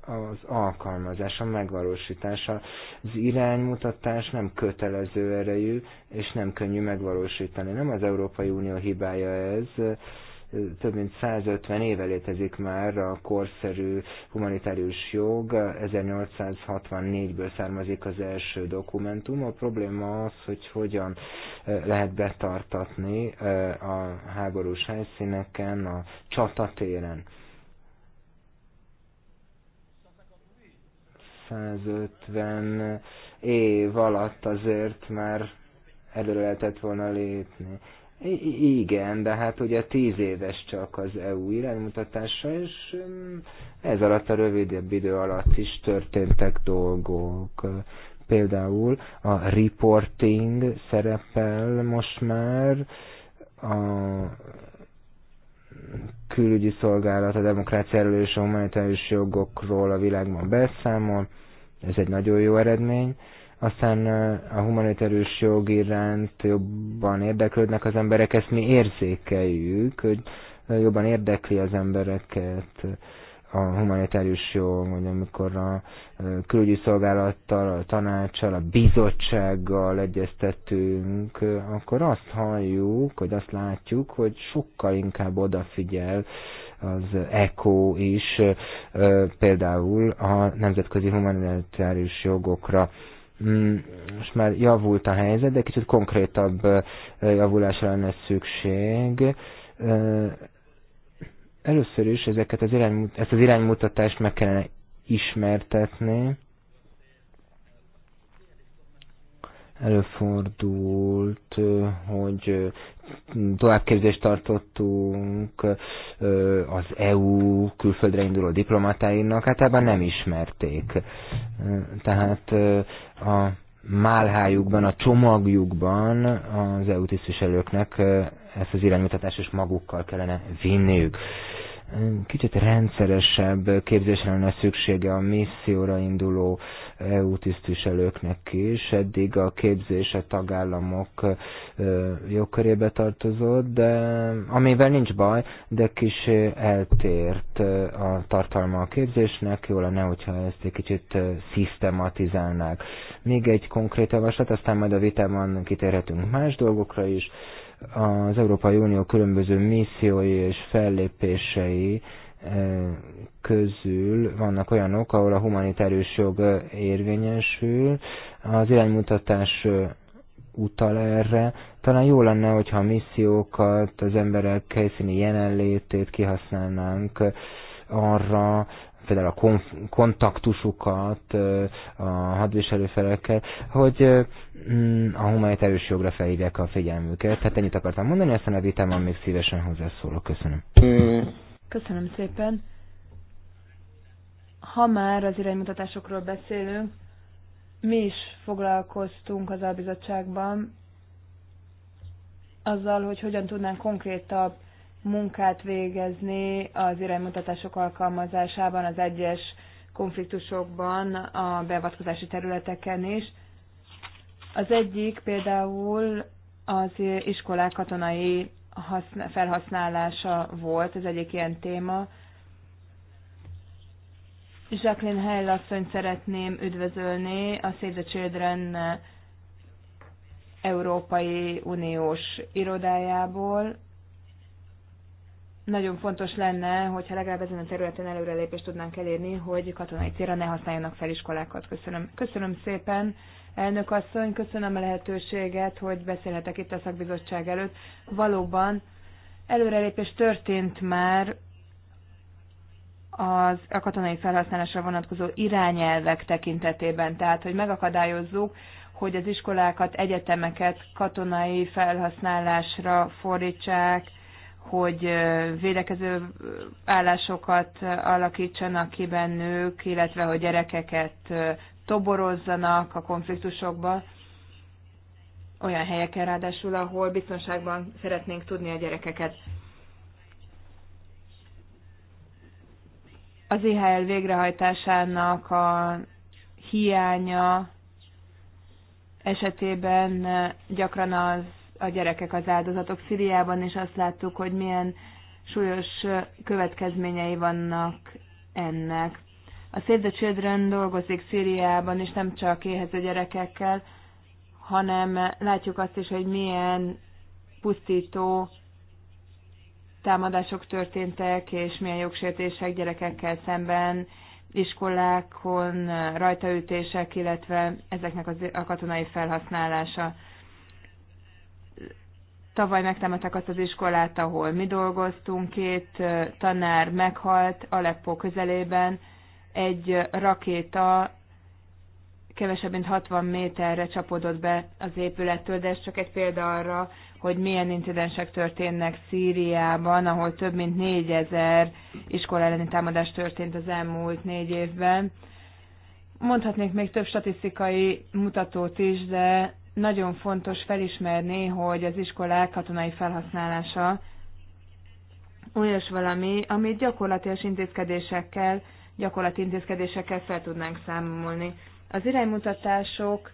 az alkalmazása, megvalósítása. Az iránymutatás nem kötelező erejű, és nem könnyű megvalósítani. Nem az Európai Unió hibája ez, több mint 150 éve létezik már a korszerű humanitárius jog, 1864-ből származik az első dokumentum. A probléma az, hogy hogyan eh, lehet betartatni eh, a háborús helyszíneken, a csatatéren. 150 év alatt azért már előre lehetett volna lépni. I igen, de hát ugye tíz éves csak az EU iránymutatása, és um, ez alatt a rövidebb idő alatt is történtek dolgok. Például a reporting szerepel most már, a külügyi szolgálat a demokráciáról és a humanitárius jogokról a világban beszámol, ez egy nagyon jó eredmény. Aztán a humanitárius jog iránt jobban érdeklődnek az emberek, ezt mi érzékeljük, hogy jobban érdekli az embereket a humanitárius jog, vagy amikor a külügyi szolgálattal, a tanácssal, a bizottsággal egyeztetünk, akkor azt halljuk, hogy azt látjuk, hogy sokkal inkább odafigyel az ECO is például a nemzetközi humanitárius jogokra mm, most már javult a helyzet, de kicsit konkrétabb javulásra lenne szükség. Először is ezeket az irány, ezt az iránymutatást meg kellene ismertetni. Előfordult, hogy továbbképzést tartottunk az EU külföldre induló diplomatáinak, általában nem ismerték. Tehát a málhájukban, a csomagjukban az EU tisztviselőknek ezt az iránymutatást is magukkal kellene vinniük. Kicsit rendszeresebb képzésre lenne szüksége a misszióra induló EU tisztviselőknek is. Eddig a képzés a tagállamok jogkörébe tartozott, de amivel nincs baj, de kis eltért a tartalma a képzésnek, jó lenne, hogyha ezt egy kicsit szisztematizálnák. Még egy konkrét javaslat, aztán majd a vitában kitérhetünk más dolgokra is. Az Európai Unió különböző missziói és fellépései közül vannak olyanok, ahol a humanitárius jog érvényesül. Az iránymutatás utal erre. Talán jó lenne, hogyha a missziókat, az emberek helyszíni jelenlétét kihasználnánk arra, például a kontaktusukat a hadviselőfelekkel, hogy mm, a humanitárius jogra felhívják a figyelmüket. Hát ennyit akartam mondani, aztán a vitámon még szívesen hozzászólok. Köszönöm. Mm. Köszönöm szépen. Ha már az iránymutatásokról beszélünk, mi is foglalkoztunk az albizottságban azzal, hogy hogyan tudnánk konkrétabb munkát végezni az iránymutatások alkalmazásában, az egyes konfliktusokban, a beavatkozási területeken is. Az egyik például az iskolák katonai felhasználása volt, ez egyik ilyen téma. Jacqueline Heil asszonyt szeretném üdvözölni a Save the Children Európai Uniós irodájából. Nagyon fontos lenne, hogyha legalább ezen a területen előrelépést tudnánk elérni, hogy katonai célra ne használjanak fel iskolákat. Köszönöm. Köszönöm szépen. Elnök asszony, köszönöm a lehetőséget, hogy beszélhetek itt a szakbizottság előtt. Valóban előrelépés történt már az, a katonai felhasználásra vonatkozó irányelvek tekintetében, tehát hogy megakadályozzuk, hogy az iskolákat, egyetemeket katonai felhasználásra fordítsák, hogy védekező állásokat alakítsanak ki bennük, illetve hogy gyerekeket toborozzanak a konfliktusokba, olyan helyeken ráadásul, ahol biztonságban szeretnénk tudni a gyerekeket. Az IHL végrehajtásának a hiánya esetében gyakran az a gyerekek az áldozatok Szíriában, és azt láttuk, hogy milyen súlyos következményei vannak ennek. A Save the Children dolgozik Szíriában, és nem csak éhező gyerekekkel, hanem látjuk azt is, hogy milyen pusztító támadások történtek, és milyen jogsértések gyerekekkel szemben, iskolákon, rajtaütések, illetve ezeknek az, a katonai felhasználása. Tavaly megtámadtak azt az iskolát, ahol mi dolgoztunk, két tanár meghalt Aleppo közelében, egy rakéta kevesebb mint 60 méterre csapódott be az épülettől, de ez csak egy példa arra, hogy milyen incidensek történnek Szíriában, ahol több mint 4000 iskola elleni támadás történt az elmúlt négy évben. Mondhatnék még több statisztikai mutatót is, de nagyon fontos felismerni, hogy az iskolák katonai felhasználása olyas valami, amit gyakorlatilag intézkedésekkel gyakorlati intézkedésekkel fel tudnánk számolni. Az iránymutatások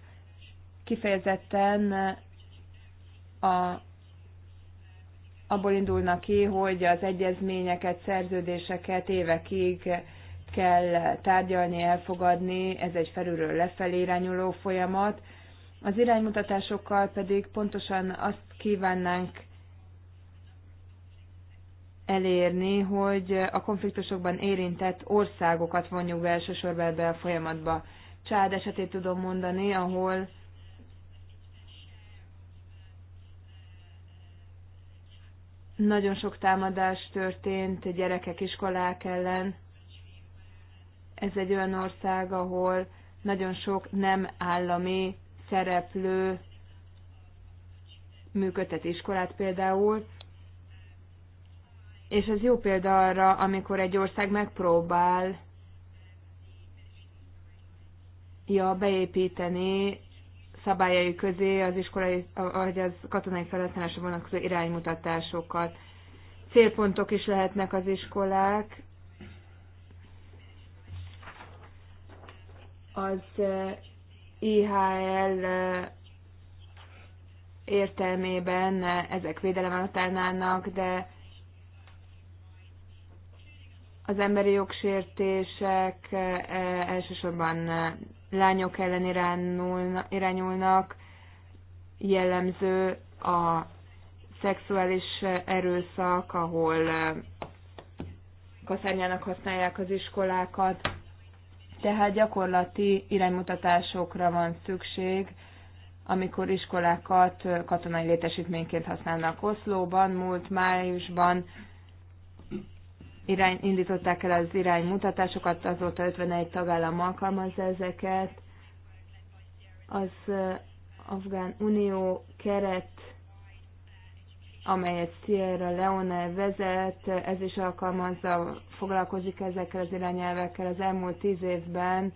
kifejezetten a, abból indulnak ki, hogy az egyezményeket, szerződéseket évekig kell tárgyalni, elfogadni, ez egy felülről lefelé irányuló folyamat. Az iránymutatásokkal pedig pontosan azt kívánnánk elérni, hogy a konfliktusokban érintett országokat vonjuk be elsősorban ebbe a folyamatba. Csád esetét tudom mondani, ahol nagyon sok támadás történt gyerekek iskolák ellen. Ez egy olyan ország, ahol nagyon sok nem állami szereplő működtet iskolát például, és ez jó példa arra, amikor egy ország megpróbál ja, beépíteni szabályai közé az iskolai, vagy az katonai felhasználásra vonatkozó iránymutatásokat. Célpontok is lehetnek az iskolák. Az eh, IHL eh, értelmében eh, ezek védelem alatt állnának, de az emberi jogsértések e, e, elsősorban e, lányok ellen irányulnak, jellemző a szexuális erőszak, ahol kaszárnyának használják az iskolákat, tehát gyakorlati iránymutatásokra van szükség, amikor iskolákat katonai létesítményként használnak Oszlóban, múlt májusban irány, indították el az iránymutatásokat, azóta 51 tagállam alkalmazza ezeket. Az Afgán Unió keret, amelyet Sierra Leone vezet, ez is alkalmazza, foglalkozik ezekkel az irányelvekkel. Az elmúlt tíz évben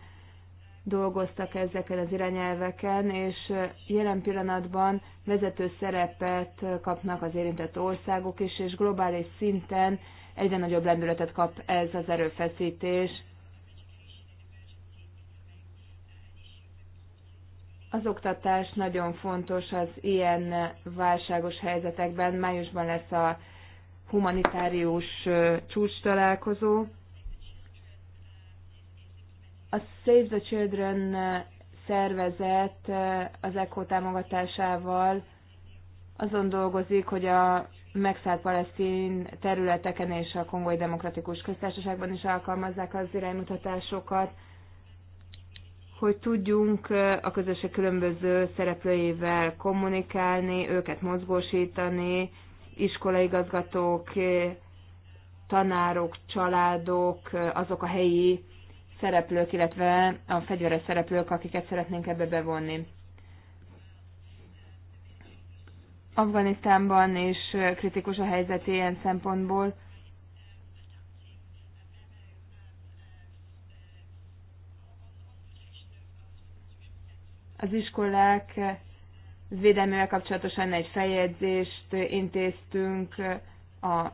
dolgoztak ezekkel az irányelveken, és jelen pillanatban vezető szerepet kapnak az érintett országok is, és globális szinten egyre nagyobb lendületet kap ez az erőfeszítés. Az oktatás nagyon fontos az ilyen válságos helyzetekben. Májusban lesz a humanitárius csúcs találkozó. A Save the Children szervezet az ECHO támogatásával azon dolgozik, hogy a megszállt palesztin területeken és a Kongói Demokratikus Köztársaságban is alkalmazzák az iránymutatásokat, hogy tudjunk a közösség különböző szereplőivel kommunikálni, őket mozgósítani, iskolaigazgatók, tanárok, családok, azok a helyi szereplők, illetve a fegyveres szereplők, akiket szeretnénk ebbe bevonni. Afganisztánban és kritikus a helyzet ilyen szempontból. Az iskolák védelmével kapcsolatosan egy feljegyzést intéztünk a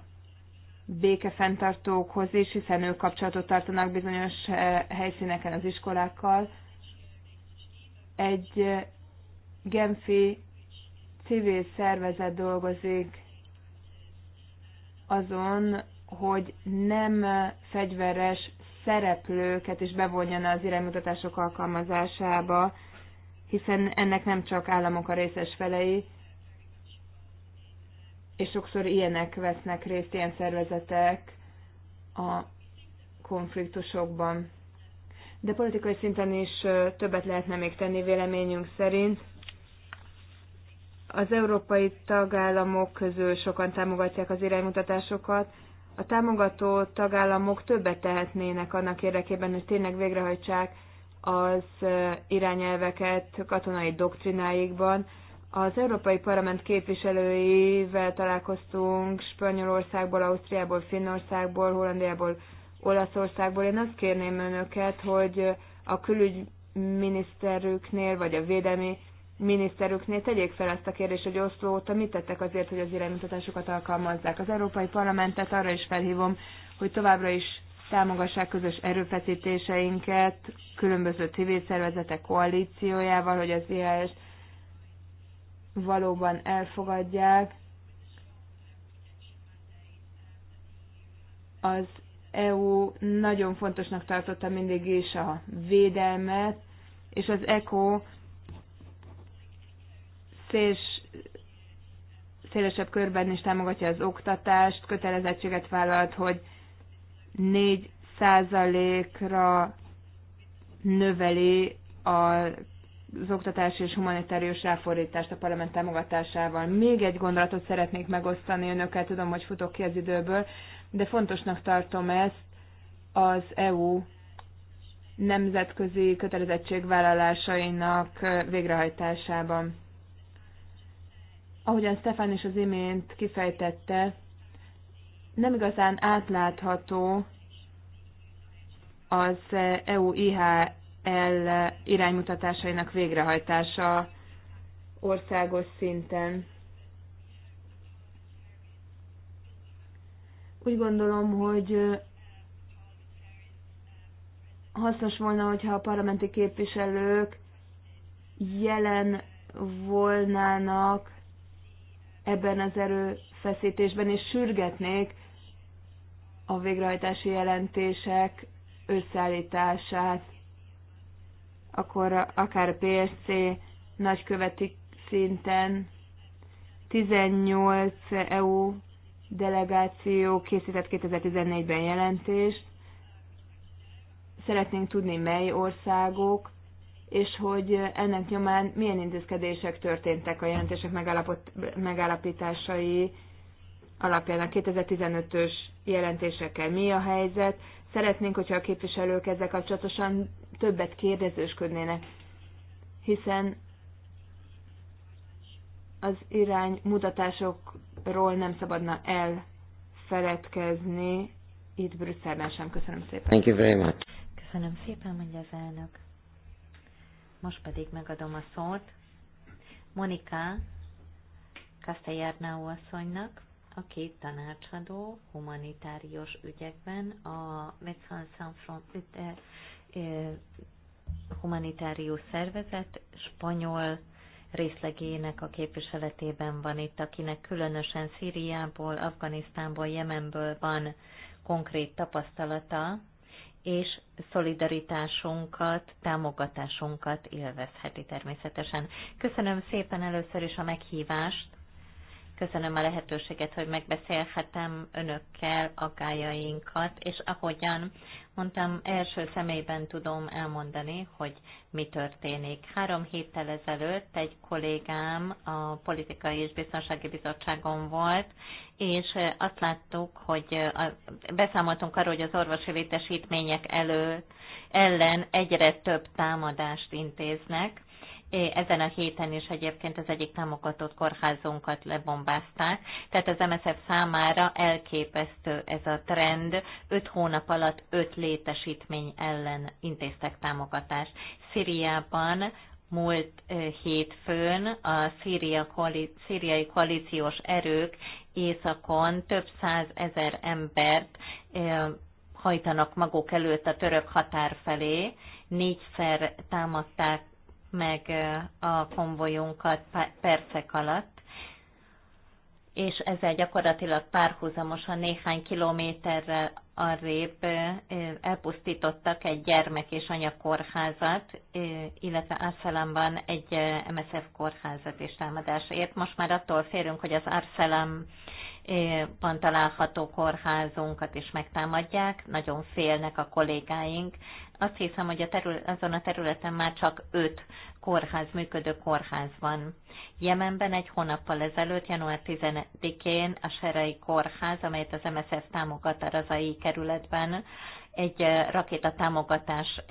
békefenntartókhoz is, hiszen ők kapcsolatot tartanak bizonyos eh, helyszíneken az iskolákkal. Egy eh, Genfi civil szervezet dolgozik azon, hogy nem fegyveres szereplőket is bevonjana az iránymutatások alkalmazásába, hiszen ennek nem csak államok a részes felei, és sokszor ilyenek vesznek részt, ilyen szervezetek a konfliktusokban. De politikai szinten is többet lehetne még tenni véleményünk szerint. Az európai tagállamok közül sokan támogatják az iránymutatásokat. A támogató tagállamok többet tehetnének annak érdekében, hogy tényleg végrehajtsák az irányelveket katonai doktrináikban. Az Európai Parlament képviselőivel találkoztunk Spanyolországból, Ausztriából, Finnországból, Hollandiából, Olaszországból. Én azt kérném önöket, hogy a külügyminiszterüknél, vagy a védelmi miniszterüknél tegyék fel ezt a kérdést, hogy Oszló óta mit tettek azért, hogy az iránymutatásokat alkalmazzák. Az Európai Parlamentet arra is felhívom, hogy továbbra is támogassák közös erőfeszítéseinket különböző civil szervezetek koalíciójával, hogy az IHS valóban elfogadják. Az EU nagyon fontosnak tartotta mindig is a védelmet, és az ECO széls, szélesebb körben is támogatja az oktatást, kötelezettséget vállalt, hogy 4 ra növeli az oktatási és humanitárius ráfordítást a parlament támogatásával. Még egy gondolatot szeretnék megosztani önökkel, tudom, hogy futok ki az időből, de fontosnak tartom ezt az EU nemzetközi kötelezettségvállalásainak végrehajtásában. Ahogyan Stefan is az imént kifejtette, nem igazán átlátható az EU-IHL iránymutatásainak végrehajtása országos szinten. Úgy gondolom, hogy hasznos volna, hogyha a parlamenti képviselők jelen volnának ebben az erőfeszítésben, és sürgetnék a végrehajtási jelentések összeállítását, akkor akár a PSC nagyköveti szinten 18 EU delegáció készített 2014-ben jelentést. Szeretnénk tudni, mely országok és hogy ennek nyomán milyen intézkedések történtek a jelentések megállapításai alapján a 2015-ös jelentésekkel. Mi a helyzet? Szeretnénk, hogyha a képviselők ezzel kapcsolatosan többet kérdezősködnének, hiszen az irány mutatásokról nem szabadna elfeledkezni itt Brüsszelben sem. Köszönöm szépen. Thank you very much. Köszönöm szépen, mondja az elnök. Most pedig megadom a szót Monika Castellárnáó asszonynak, aki tanácsadó humanitárius ügyekben a Médecins Sans humanitárius szervezet spanyol részlegének a képviseletében van itt, akinek különösen Szíriából, Afganisztánból, Jemenből van konkrét tapasztalata és szolidaritásunkat, támogatásunkat élvezheti természetesen. Köszönöm szépen először is a meghívást, köszönöm a lehetőséget, hogy megbeszélhetem önökkel aggájainkat, és ahogyan mondtam, első személyben tudom elmondani, hogy mi történik. Három héttel ezelőtt egy kollégám a Politikai és Biztonsági Bizottságon volt, és azt láttuk, hogy beszámoltunk arról, hogy az orvosi létesítmények elő, ellen egyre több támadást intéznek, ezen a héten is egyébként az egyik támogatott kórházunkat lebombázták, tehát az MSZF számára elképesztő ez a trend, Öt hónap alatt öt létesítmény ellen intéztek támogatást. Szíriában múlt eh, hétfőn a Szíria koalí- szíriai koalíciós erők északon több százezer embert eh, hajtanak maguk előtt a török határ felé, négyszer támadták meg a konvojunkat percek alatt, és ezzel gyakorlatilag párhuzamosan néhány kilométerrel arrébb elpusztítottak egy gyermek és anya kórházat, illetve Arcelamban egy MSF kórházat és támadásért. Most már attól férünk, hogy az Arcelam ban található kórházunkat is megtámadják, nagyon félnek a kollégáink. Azt hiszem, hogy a terül, azon a területen már csak öt kórház, működő kórház van. Jemenben egy hónappal ezelőtt, január 10-én a Serei Kórház, amelyet az MSZF támogat a Razai kerületben, egy rakétatámogatás,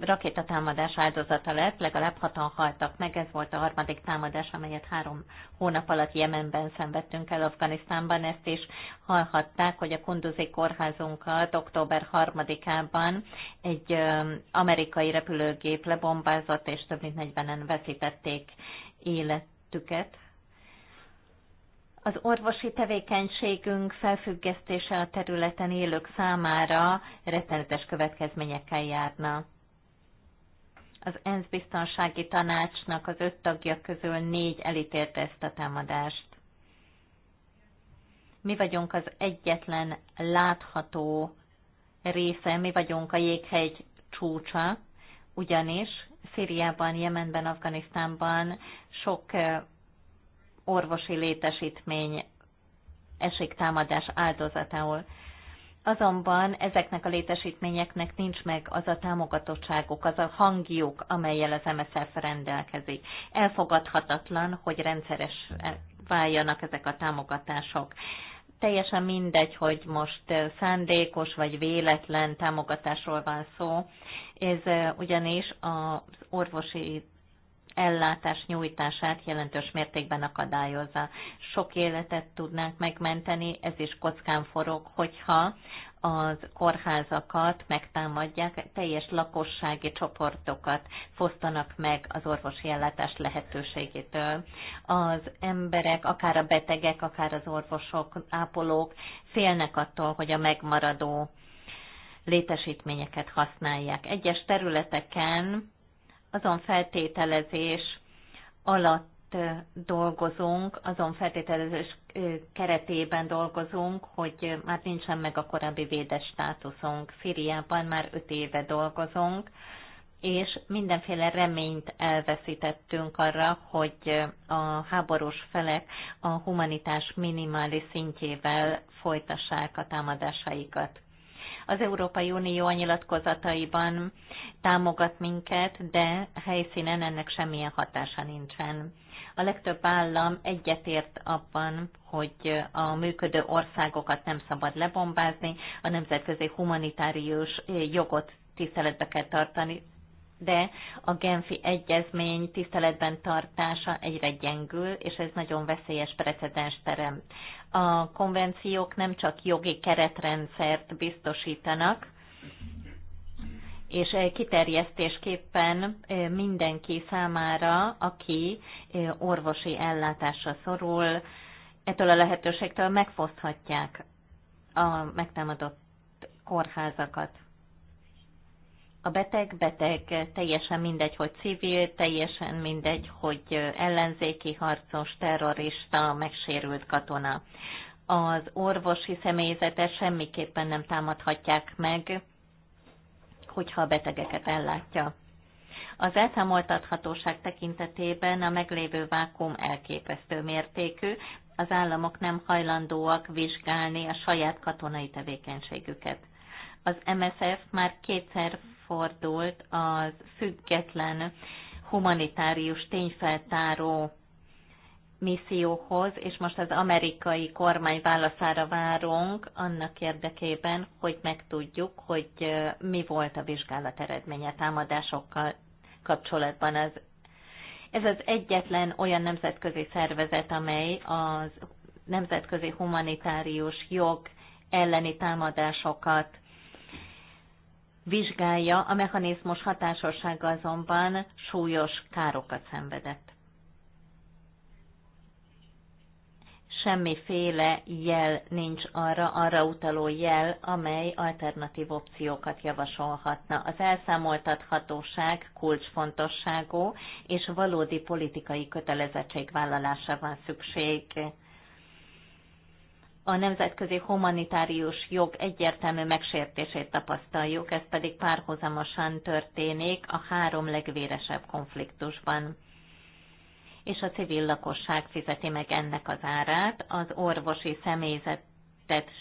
rakétatámadás áldozata lett, legalább hatan haltak meg, ez volt a harmadik támadás, amelyet három hónap alatt Jemenben szenvedtünk el Afganisztánban, ezt is hallhatták, hogy a Kunduzi kórházunkat október 3-ában egy amerikai repülőgép lebombázott, és több mint 40-en veszítették életüket az orvosi tevékenységünk felfüggesztése a területen élők számára rettenetes következményekkel járna. Az ENSZ biztonsági tanácsnak az öt tagja közül négy elítélte ezt a támadást. Mi vagyunk az egyetlen látható része, mi vagyunk a jéghegy csúcsa, ugyanis Szíriában, Jemenben, Afganisztánban sok eh, orvosi létesítmény esik támadás áldozatául. Azonban ezeknek a létesítményeknek nincs meg az a támogatottságuk, az a hangjuk, amelyel az MSZF rendelkezik. Elfogadhatatlan, hogy rendszeres váljanak ezek a támogatások. Teljesen mindegy, hogy most szándékos vagy véletlen támogatásról van szó. Ez ugyanis az orvosi ellátás nyújtását jelentős mértékben akadályozza. Sok életet tudnánk megmenteni, ez is kockán forog, hogyha az kórházakat megtámadják, teljes lakossági csoportokat fosztanak meg az orvosi ellátás lehetőségétől. Az emberek, akár a betegek, akár az orvosok, ápolók félnek attól, hogy a megmaradó létesítményeket használják. Egyes területeken azon feltételezés alatt dolgozunk, azon feltételezés keretében dolgozunk, hogy már nincsen meg a korábbi védes státuszunk. Szíriában már öt éve dolgozunk, és mindenféle reményt elveszítettünk arra, hogy a háborús felek a humanitás minimális szintjével folytassák a támadásaikat. Az Európai Unió a nyilatkozataiban támogat minket, de helyszínen ennek semmilyen hatása nincsen. A legtöbb állam egyetért abban, hogy a működő országokat nem szabad lebombázni, a nemzetközi humanitárius jogot tiszteletbe kell tartani, de a Genfi egyezmény tiszteletben tartása egyre gyengül, és ez nagyon veszélyes precedens terem a konvenciók nem csak jogi keretrendszert biztosítanak, és eh, kiterjesztésképpen eh, mindenki számára, aki eh, orvosi ellátásra szorul, ettől a lehetőségtől megfoszthatják a megtámadott kórházakat a beteg beteg, teljesen mindegy, hogy civil, teljesen mindegy, hogy ellenzéki harcos, terrorista, megsérült katona. Az orvosi személyzete semmiképpen nem támadhatják meg, hogyha a betegeket ellátja. Az elszámoltathatóság tekintetében a meglévő vákum elképesztő mértékű, az államok nem hajlandóak vizsgálni a saját katonai tevékenységüket. Az MSF már kétszer fordult az független humanitárius tényfeltáró misszióhoz, és most az amerikai kormány válaszára várunk annak érdekében, hogy megtudjuk, hogy mi volt a vizsgálat eredménye támadásokkal kapcsolatban. Az, ez az egyetlen olyan nemzetközi szervezet, amely az nemzetközi humanitárius jog elleni támadásokat vizsgálja, a mechanizmus hatásossága azonban súlyos károkat szenvedett. Semmiféle jel nincs arra, arra utaló jel, amely alternatív opciókat javasolhatna. Az elszámoltathatóság kulcsfontosságú és valódi politikai kötelezettségvállalásra van szükség a nemzetközi humanitárius jog egyértelmű megsértését tapasztaljuk, ez pedig párhuzamosan történik a három legvéresebb konfliktusban. És a civil lakosság fizeti meg ennek az árát, az orvosi személyzet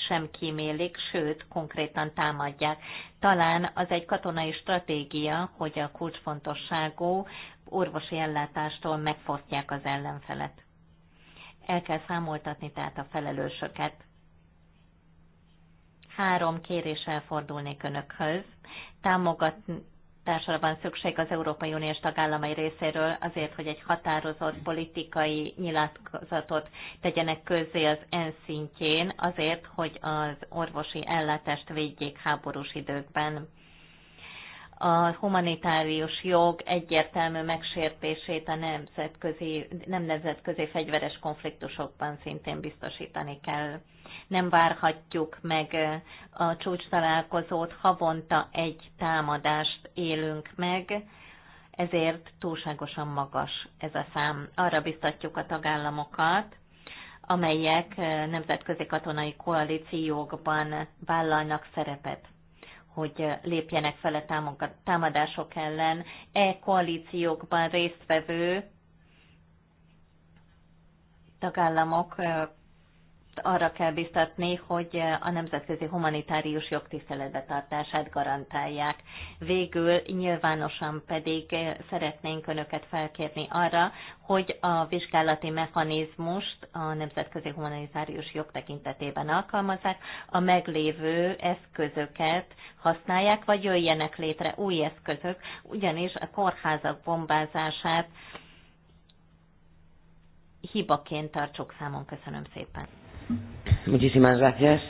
sem kímélik, sőt, konkrétan támadják. Talán az egy katonai stratégia, hogy a kulcsfontosságú orvosi ellátástól megfosztják az ellenfelet el kell számoltatni tehát a felelősöket. Három kéréssel fordulnék önökhöz. Támogatásra van szükség az Európai Uniós tagállamai részéről azért, hogy egy határozott politikai nyilatkozatot tegyenek közzé az ENSZ szintjén, azért, hogy az orvosi ellátást védjék háborús időkben a humanitárius jog egyértelmű megsértését a nemzetközi, nem nemzetközi fegyveres konfliktusokban szintén biztosítani kell. Nem várhatjuk meg a csúcs találkozót, havonta egy támadást élünk meg, ezért túlságosan magas ez a szám. Arra biztatjuk a tagállamokat, amelyek nemzetközi katonai koalíciókban vállalnak szerepet hogy lépjenek fel a támadások ellen. E koalíciókban résztvevő tagállamok arra kell biztatni, hogy a nemzetközi humanitárius jogtiszteletbe tartását garantálják. Végül nyilvánosan pedig szeretnénk Önöket felkérni arra, hogy a vizsgálati mechanizmust a nemzetközi humanitárius jog tekintetében alkalmazzák, a meglévő eszközöket használják, vagy jöjjenek létre új eszközök, ugyanis a kórházak bombázását hibaként tartsuk számon. Köszönöm szépen. Muchísimas gracias.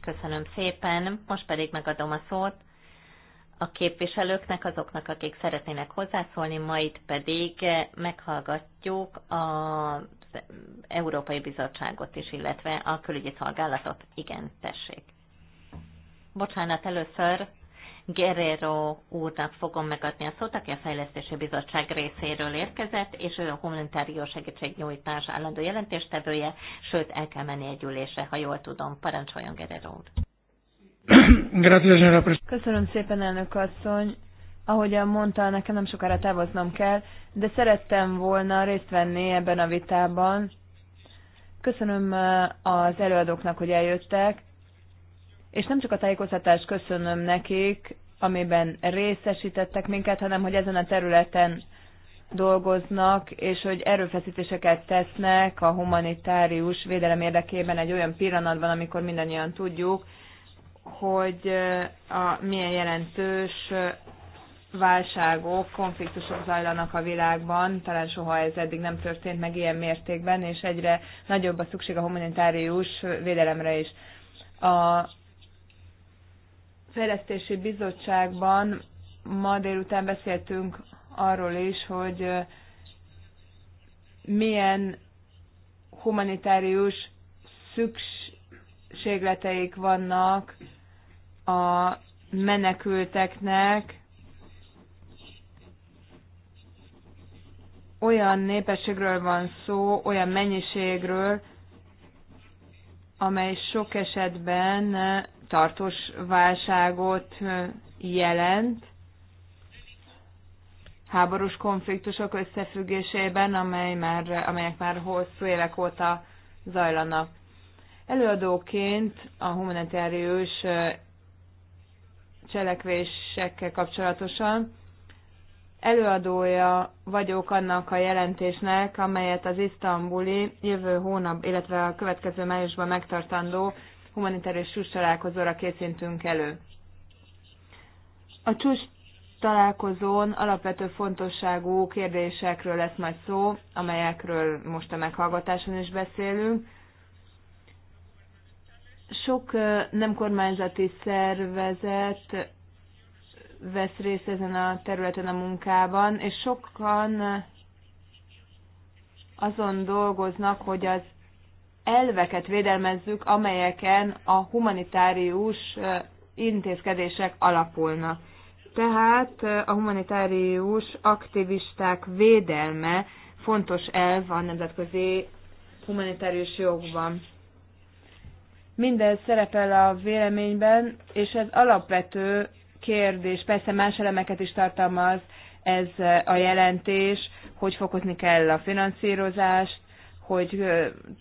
Köszönöm szépen. Most pedig megadom a szót a képviselőknek, azoknak, akik szeretnének hozzászólni, majd pedig meghallgatjuk az Európai Bizottságot is, illetve a külügyi szolgálatot. Igen, tessék. Bocsánat, először Guerrero úrnak fogom megadni a szót, aki a Fejlesztési Bizottság részéről érkezett, és ő a humanitárius segítségnyújtás állandó jelentéstevője, sőt el kell menni egy ülésre, ha jól tudom. Parancsoljon Guerrero úr. Köszönöm szépen, elnök asszony ahogyan mondta, nekem nem sokára távoznom kell, de szerettem volna részt venni ebben a vitában. Köszönöm eh, az előadóknak, hogy eljöttek és nem csak a tájékoztatást köszönöm nekik, amiben részesítettek minket, hanem hogy ezen a területen dolgoznak, és hogy erőfeszítéseket tesznek a humanitárius védelem érdekében egy olyan pillanatban, amikor mindannyian tudjuk, hogy eh, a milyen jelentős eh, válságok, konfliktusok zajlanak a világban, talán soha ez eddig nem történt meg ilyen mértékben, és egyre nagyobb a szükség a humanitárius eh, védelemre is. A Fejlesztési Bizottságban ma délután beszéltünk arról is, hogy milyen humanitárius szükségleteik vannak a menekülteknek, olyan népességről van szó, olyan mennyiségről, amely sok esetben tartós válságot jelent háborús konfliktusok összefüggésében, amely már, amelyek már hosszú évek óta zajlanak. Előadóként a humanitárius cselekvésekkel kapcsolatosan előadója vagyok annak a jelentésnek, amelyet az isztambuli jövő hónap, illetve a következő májusban megtartandó humanitárius csúcs találkozóra készítünk elő. A csúcs találkozón alapvető fontosságú kérdésekről lesz majd szó, amelyekről most a meghallgatáson is beszélünk. Sok nem kormányzati szervezet vesz részt ezen a területen a munkában, és sokan azon dolgoznak, hogy az elveket védelmezzük, amelyeken a humanitárius intézkedések alapulnak. Tehát a humanitárius aktivisták védelme fontos elv a nemzetközi humanitárius jogban. Mindez szerepel a véleményben, és ez alapvető kérdés. Persze más elemeket is tartalmaz ez a jelentés, hogy fokozni kell a finanszírozást, hogy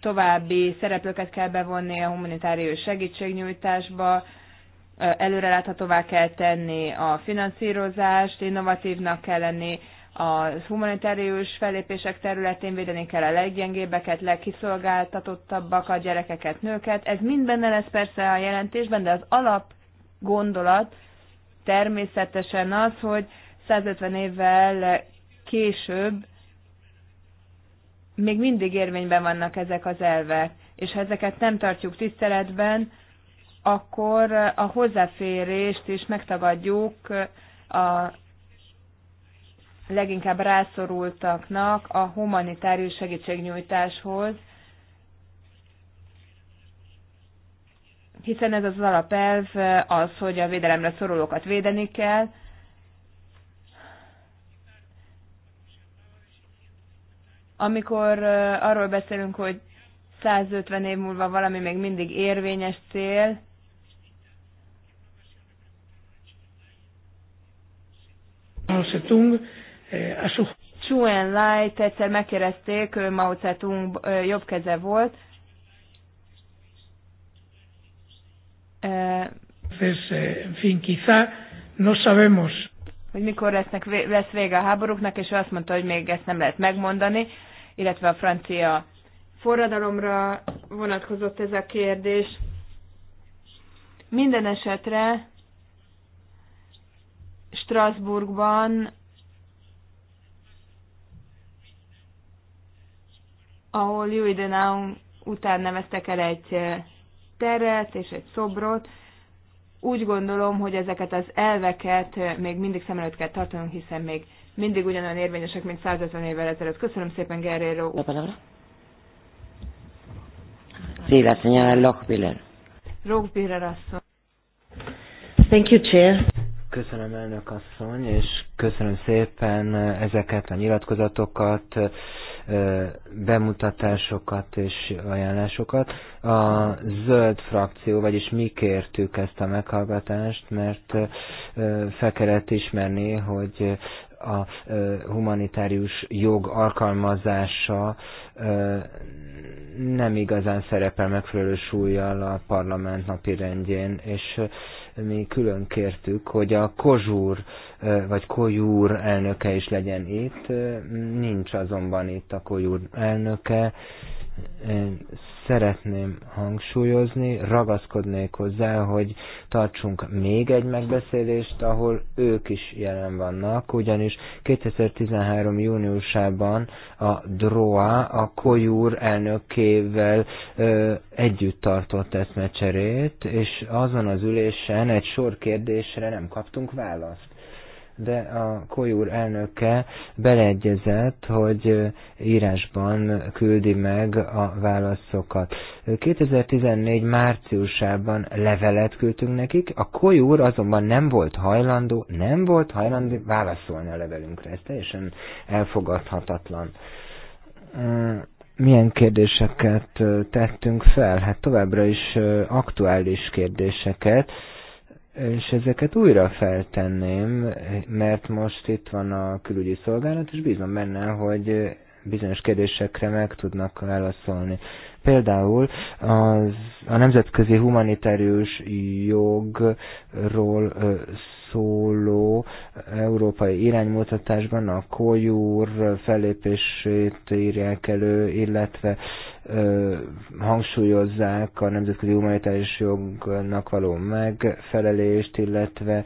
további szereplőket kell bevonni a humanitárius segítségnyújtásba, előreláthatóvá kell tenni a finanszírozást, innovatívnak kell lenni a humanitárius fellépések területén, védeni kell a leggyengébbeket, legkiszolgáltatottabbakat, gyerekeket, nőket. Ez mind benne lesz persze a jelentésben, de az alap gondolat természetesen az, hogy 150 évvel később még mindig érvényben vannak ezek az elvek, és ha ezeket nem tartjuk tiszteletben, akkor a hozzáférést is megtagadjuk a leginkább rászorultaknak a humanitárius segítségnyújtáshoz, hiszen ez az alapelv az, hogy a védelemre szorulókat védeni kell, Amikor arról beszélünk, hogy 150 év múlva valami még mindig érvényes cél, Chu Lai egyszer megkérdezték, ő Mao Zedong jobb keze volt. Eh, hogy mikor lesznek, lesz vége a háborúknak, és ő azt mondta, hogy még ezt nem lehet megmondani illetve a francia forradalomra vonatkozott ez a kérdés. Minden esetre Strasbourgban ahol Louis de Naum után neveztek el egy teret és egy szobrot. Úgy gondolom, hogy ezeket az elveket még mindig szem előtt kell tartanunk, hiszen még mindig ugyanolyan érvényesek, mint 150 évvel ezelőtt. Köszönöm szépen, Gerrero. asszony. Thank you, Chair. Köszönöm, elnök asszony, és köszönöm szépen ezeket a nyilatkozatokat, bemutatásokat és ajánlásokat. A zöld frakció, vagyis mi kértük ezt a meghallgatást, mert fel kellett ismerni, hogy a humanitárius jog alkalmazása nem igazán szerepel megfelelő súlyjal a parlament napi rendjén, és mi külön kértük, hogy a Kozsúr vagy Kojúr elnöke is legyen itt, nincs azonban itt a Kojúr elnöke, szeretném hangsúlyozni, ragaszkodnék hozzá, hogy tartsunk még egy megbeszélést, ahol ők is jelen vannak, ugyanis 2013. júniusában a DROA a Kojúr elnökével ö, együtt tartott eszmecserét, és azon az ülésen egy sor kérdésre nem kaptunk választ de a Kolyúr elnöke beleegyezett, hogy írásban küldi meg a válaszokat. 2014 márciusában levelet küldtünk nekik, a Kolyúr azonban nem volt hajlandó, nem volt hajlandó válaszolni a levelünkre. Ez teljesen elfogadhatatlan milyen kérdéseket tettünk fel? Hát továbbra is aktuális kérdéseket és ezeket újra feltenném, mert most itt van a külügyi szolgálat, és bízom benne, hogy bizonyos kérdésekre meg tudnak válaszolni. Például az, a nemzetközi humanitárius jogról szóló európai iránymutatásban a kojúr fellépését írják elő, illetve ö, hangsúlyozzák a nemzetközi humanitárius jognak való megfelelést, illetve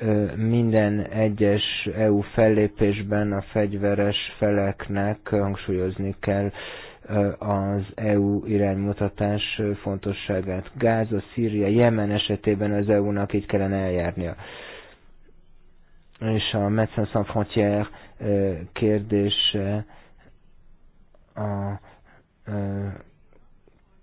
ö, minden egyes EU fellépésben a fegyveres feleknek hangsúlyozni kell az EU iránymutatás fontosságát. Gáza, Szíria, Jemen esetében az EU-nak így kellene eljárnia és a Médecins Sans Frontières kérdése a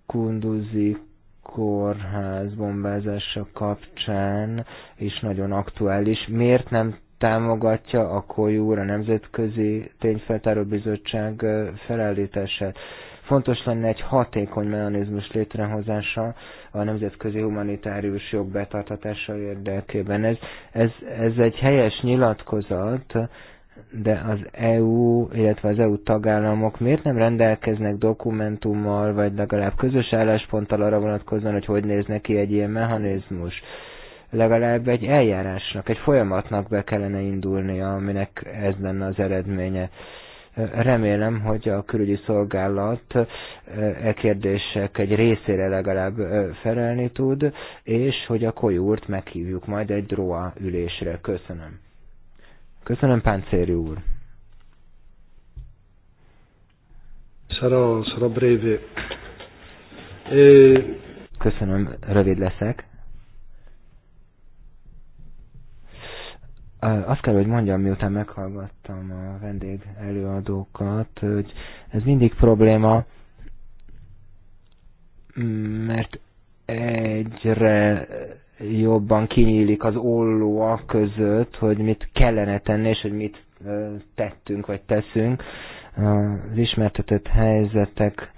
kunduzi kórház bombázása kapcsán is nagyon aktuális. Miért nem támogatja a Kójúr a Nemzetközi Tényfeltáró Bizottság felállítását? Fontos lenne egy hatékony mechanizmus létrehozása, a nemzetközi humanitárius jog betartatása érdekében. Ez, ez, ez egy helyes nyilatkozat, de az EU, illetve az EU tagállamok miért nem rendelkeznek dokumentummal, vagy legalább közös állásponttal arra vonatkozóan, hogy hogy néz neki egy ilyen mechanizmus? Legalább egy eljárásnak, egy folyamatnak be kellene indulnia, aminek ez lenne az eredménye. Uh, Remélem, hogy a külügyi szolgálat eh, e kérdések egy részére legalább eh, felelni tud, és hogy a Kolyúrt meghívjuk majd egy DROA ülésre. Köszönöm. Köszönöm, Páncéri úr. Sarah, sarah breve. Köszönöm, rövid leszek. azt kell, hogy mondjam, miután meghallgattam a vendég előadókat, hogy ez mindig probléma, mert egyre jobban kinyílik az a között, hogy mit kellene tenni, és hogy mit tettünk, vagy teszünk. Az ismertetett helyzetek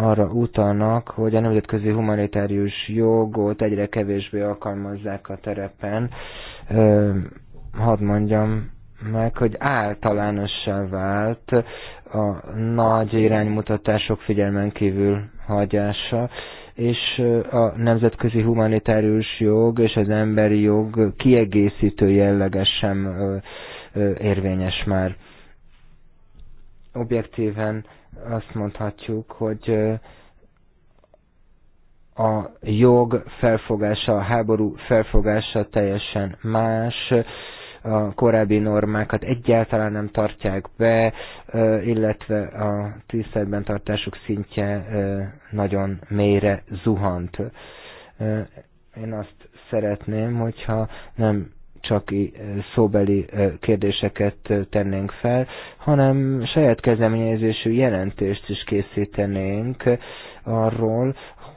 arra utalnak, hogy a nemzetközi humanitárius jogot egyre kevésbé alkalmazzák a terepen hadd mondjam meg, hogy általánossá vált a nagy iránymutatások figyelmen kívül hagyása, és a nemzetközi humanitárius jog és az emberi jog kiegészítő jellegesen érvényes már. Objektíven azt mondhatjuk, hogy a jog felfogása, a háború felfogása teljesen más, a korábbi normákat egyáltalán nem tartják be, illetve a tiszteletben tartásuk szintje nagyon mélyre zuhant. Én azt szeretném, hogyha nem csak szóbeli kérdéseket tennénk fel, hanem saját kezdeményezésű jelentést is készítenénk arról,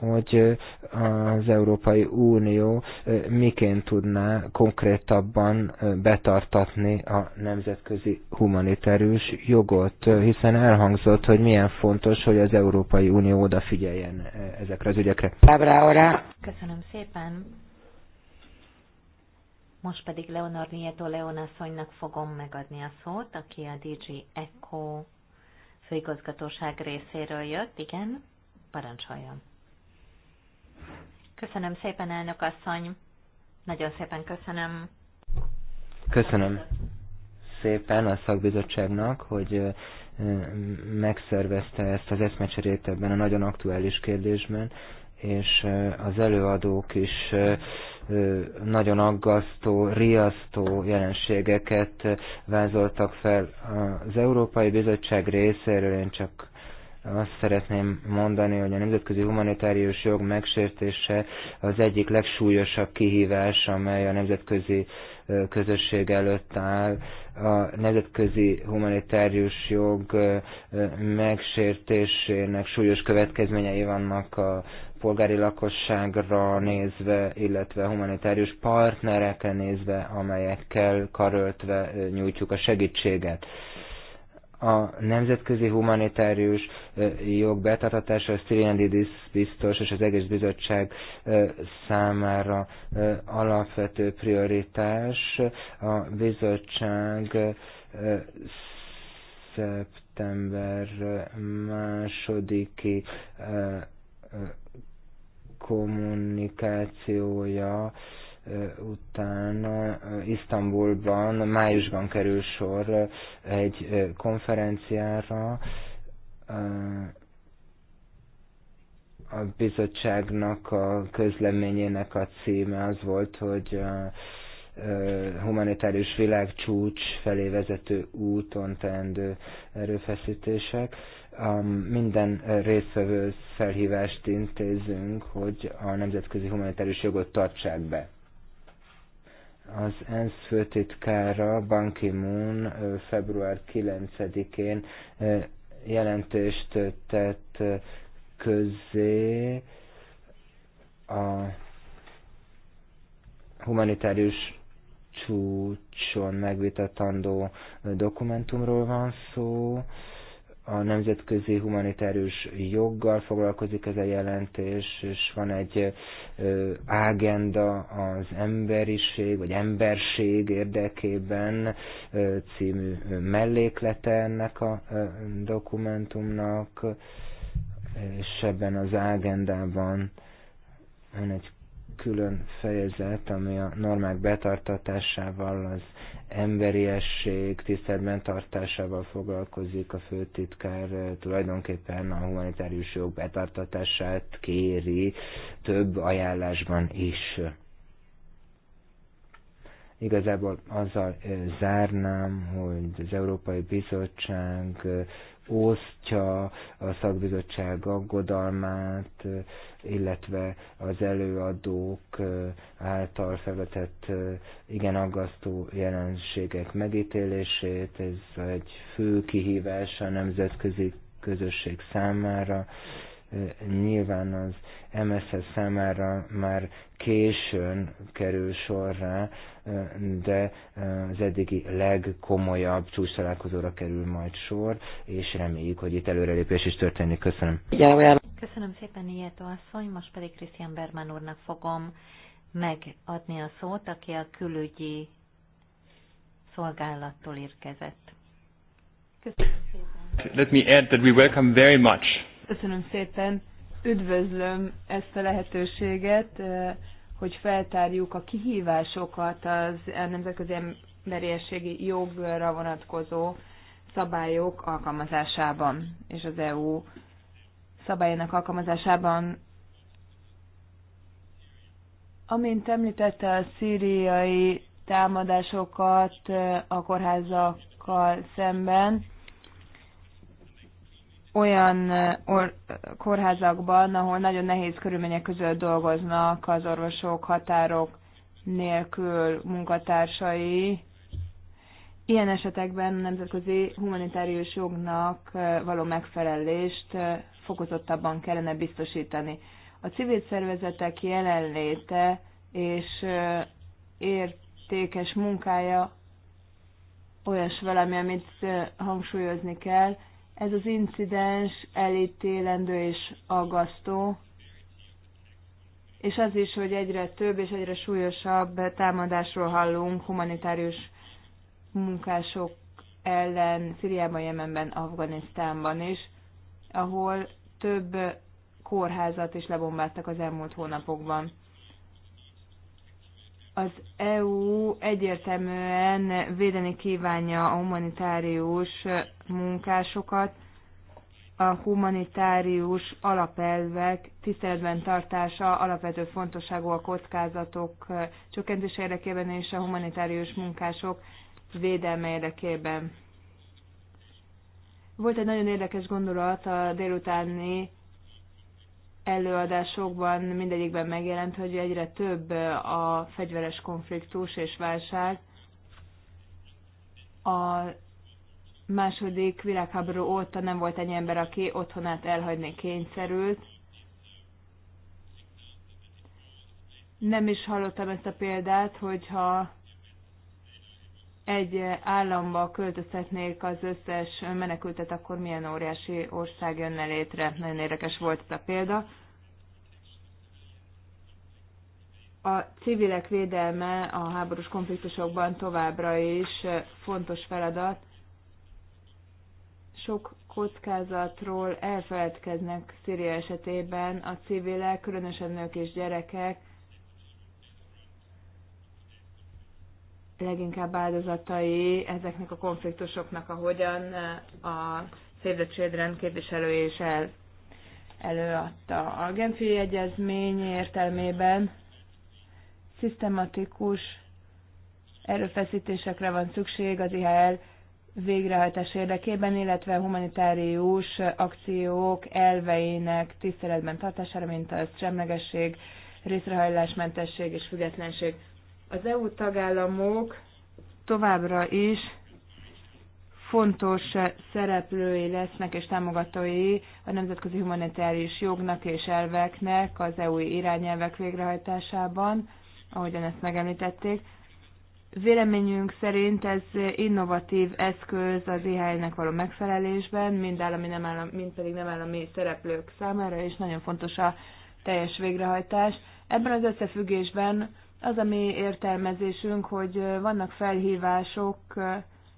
hogy az Európai Unió miként tudná konkrétabban betartatni a nemzetközi humanitárius jogot, hiszen elhangzott, hogy milyen fontos, hogy az Európai Unió odafigyeljen ezekre az ügyekre. Köszönöm szépen! Most pedig Leonor Nieto Leonasszonynak fogom megadni a szót, aki a DG Echo főigazgatóság részéről jött. Igen, parancsoljon. Köszönöm szépen, elnök asszony. Nagyon szépen köszönöm. Köszönöm szépen a szakbizottságnak, hogy megszervezte ezt az eszmecserét ebben a nagyon aktuális kérdésben, és az előadók is nagyon aggasztó, riasztó jelenségeket vázoltak fel. Az Európai Bizottság részéről én csak azt szeretném mondani, hogy a nemzetközi humanitárius jog megsértése az egyik legsúlyosabb kihívás, amely a nemzetközi közösség előtt áll. A nemzetközi humanitárius jog megsértésének súlyos következményei vannak a polgári lakosságra nézve, illetve humanitárius partnerekre nézve, amelyekkel karöltve nyújtjuk a segítséget a nemzetközi humanitárius jog betartatása a Stylianidis biztos és az egész bizottság számára alapvető prioritás. A bizottság szeptember másodiki kommunikációja után Isztambulban májusban kerül sor egy konferenciára, a bizottságnak a közleményének a címe az volt, hogy a humanitárius világcsúcs felé vezető úton teendő erőfeszítések. Minden résztvevő felhívást intézünk, hogy a nemzetközi humanitárius jogot tartsák be az ENSZ főtitkára Ban Ki-moon február 9-én jelentést tett közé a humanitárius csúcson megvitatandó dokumentumról van szó, a nemzetközi humanitárius joggal foglalkozik ez a jelentés, és van egy ágenda az emberiség, vagy emberség érdekében című melléklete ennek a dokumentumnak, és ebben az ágendában van egy külön fejezet, ami a normák betartatásával, az emberiesség tiszteletben tartásával foglalkozik a főtitkár, tulajdonképpen a humanitárius jog betartatását kéri több ajánlásban is. Igazából azzal zárnám, hogy az Európai Bizottság osztja a szakbizottság aggodalmát, illetve az előadók által felvetett igen aggasztó jelenségek megítélését. Ez egy fő kihívás a nemzetközi közösség számára nyilván az MSZ e számára már későn kerül sorra, de az eddigi legkomolyabb csúcstalálkozóra kerül majd sor, és reméljük, hogy itt előrelépés is történik. Köszönöm. Köszönöm szépen, Ijeto asszony, most pedig Krisztián Berman úrnak fogom megadni a szót, aki a külügyi szolgálattól érkezett. Köszönöm szépen. Let me add that we welcome very much Köszönöm szépen, üdvözlöm ezt a lehetőséget, eh, hogy feltárjuk a kihívásokat az nemzetközi emberiességi jogra vonatkozó szabályok alkalmazásában, és az EU szabályának alkalmazásában. Amint említette a szíriai támadásokat eh, a kórházakkal szemben, olyan or- kórházakban, ahol nagyon nehéz körülmények között dolgoznak az orvosok határok nélkül munkatársai. Ilyen esetekben a nemzetközi humanitárius jognak való megfelelést fokozottabban kellene biztosítani. A civil szervezetek jelenléte és értékes munkája olyas valami, amit hangsúlyozni kell, ez az incidens elítélendő és aggasztó, és az is, hogy egyre több és egyre súlyosabb támadásról hallunk humanitárius munkások ellen Szíriában, Jemenben, Afganisztánban is, ahol több kórházat is lebombáztak az elmúlt hónapokban. Az EU egyértelműen védeni kívánja a humanitárius munkásokat, a humanitárius alapelvek tiszteletben tartása alapvető fontosságú a kockázatok csökkentése érdekében és a humanitárius munkások védelme érdekében. Volt egy nagyon érdekes gondolat a délutáni előadásokban mindegyikben megjelent, hogy egyre több a fegyveres konfliktus és válság. A második világháború óta nem volt egy ember, aki otthonát elhagyni kényszerült. Nem is hallottam ezt a példát, hogyha egy államba költözhetnék az összes menekültet, akkor milyen óriási ország jönne létre. Nagyon érdekes volt ez a példa. A civilek védelme a háborús konfliktusokban továbbra is fontos feladat. Sok kockázatról elfeledkeznek Szíria esetében a civilek, különösen nők és gyerekek, leginkább áldozatai ezeknek a konfliktusoknak, ahogyan a Save the Children képviselője is el, előadta. A Genfi Egyezmény értelmében szisztematikus erőfeszítésekre van szükség az IHL végrehajtás érdekében, illetve humanitárius akciók elveinek tiszteletben tartására, mint a semlegesség, részrehajlásmentesség és függetlenség. Az EU tagállamok továbbra is fontos szereplői lesznek és támogatói a nemzetközi humanitárius jognak és elveknek az EU irányelvek végrehajtásában, ahogyan ezt megemlítették. Véleményünk szerint ez innovatív eszköz az IHL-nek e való megfelelésben, mind, állami, nem állami, mind pedig nem állami szereplők számára, és nagyon fontos a teljes végrehajtás. Ebben az összefüggésben az a mi értelmezésünk, hogy vannak felhívások,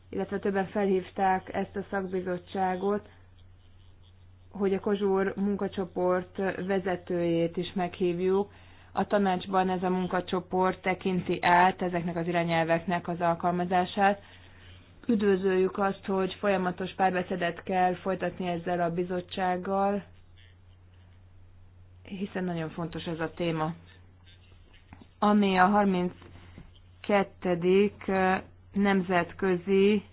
illetve többen felhívták ezt a szakbizottságot, hogy a Kozsúr munkacsoport vezetőjét is meghívjuk. A tanácsban ez a munkacsoport tekinti át ezeknek az irányelveknek az alkalmazását. Üdvözöljük azt, hogy folyamatos párbeszédet kell folytatni ezzel a bizottsággal, hiszen nagyon fontos ez a téma ami a 32. nemzetközi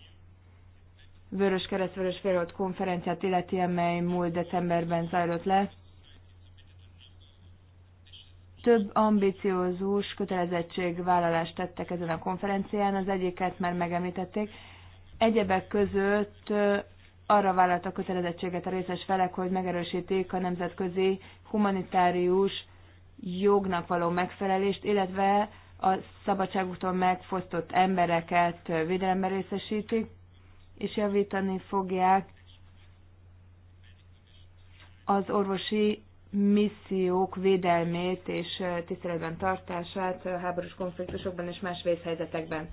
Vörös Kereszt Vörös Félhold konferenciát illeti, amely múlt decemberben zajlott le. Több ambiciózus kötelezettségvállalást tettek ezen a konferencián, az egyiket már megemlítették. Egyebek között arra vállalta kötelezettséget a részes felek, hogy megerősítik a nemzetközi humanitárius jognak való megfelelést, illetve a szabadságúton megfosztott embereket védelemben részesítik, és javítani fogják az orvosi missziók védelmét és tiszteletben tartását háborús konfliktusokban és más vészhelyzetekben.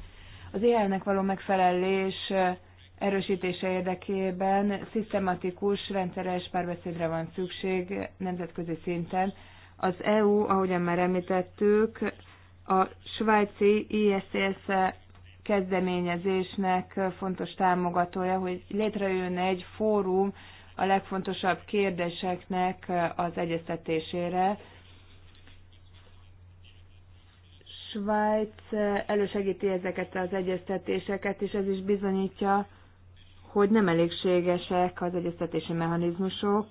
Az él való megfelelés erősítése érdekében szisztematikus, rendszeres párbeszédre van szükség nemzetközi szinten az EU, ahogyan már említettük, a svájci ISCS e kezdeményezésnek fontos támogatója, hogy létrejön egy fórum a legfontosabb kérdéseknek az egyeztetésére. Svájc elősegíti ezeket az egyeztetéseket, és ez is bizonyítja, hogy nem elégségesek az egyeztetési mechanizmusok,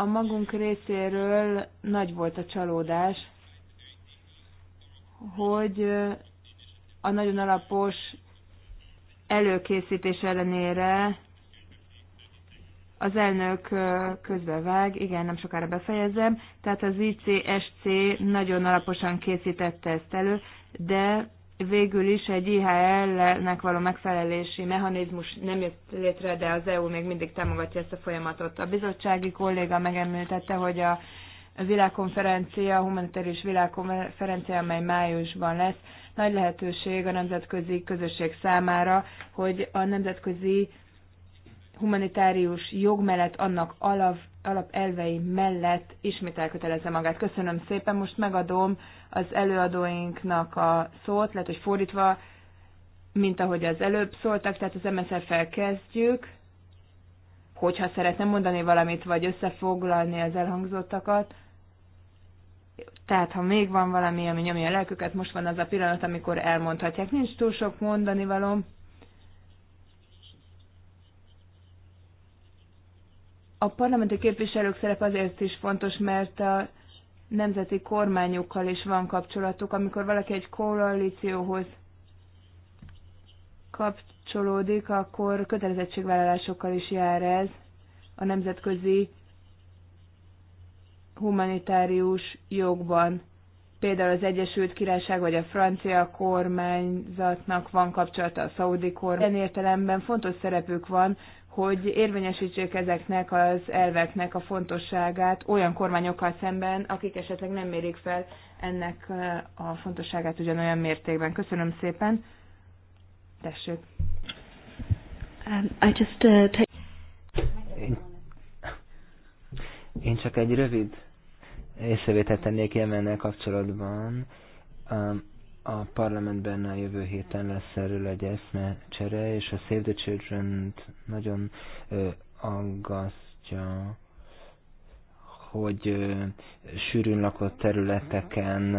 a magunk részéről nagy volt a csalódás, hogy a nagyon alapos előkészítés ellenére az elnök közbevág, igen, nem sokára befejezem, tehát az ICSC nagyon alaposan készítette ezt elő, de végül is egy IHL-nek való megfelelési mechanizmus nem jött létre, de az EU még mindig támogatja ezt a folyamatot. A bizottsági kolléga megemlítette, hogy a világkonferencia, a humanitárius világkonferencia, amely májusban lesz, nagy lehetőség a nemzetközi közösség számára, hogy a nemzetközi humanitárius jog mellett, annak alap, alapelvei mellett ismét elkötelezze magát. Köszönöm szépen, most megadom az előadóinknak a szót, lehet, hogy fordítva, mint ahogy az előbb szóltak, tehát az MSZ-el felkezdjük, hogyha szeretne mondani valamit, vagy összefoglalni az elhangzottakat, tehát ha még van valami, ami nyomja a lelküket, most van az a pillanat, amikor elmondhatják. Nincs túl sok mondani valom. A parlamenti képviselők szerep azért is fontos, mert a nemzeti kormányokkal is van kapcsolatuk. Amikor valaki egy koalícióhoz kapcsolódik, akkor kötelezettségvállalásokkal is jár ez a nemzetközi humanitárius jogban. Például az Egyesült Királyság vagy a francia kormányzatnak van kapcsolata a szaudi kormány. Ilyen értelemben fontos szerepük van hogy érvényesítsék ezeknek az elveknek a fontosságát olyan kormányokkal szemben, akik esetleg nem mérik fel ennek a fontosságát ugyanolyan mértékben. Köszönöm szépen. Tessék. Um, I just, uh, take... én, én csak egy rövid észrevételt tennék Jemennel kapcsolatban. Um, a parlamentben a jövő héten lesz erről egy csere, és a Save the children nagyon ö, aggasztja, hogy ö, sűrűn lakott területeken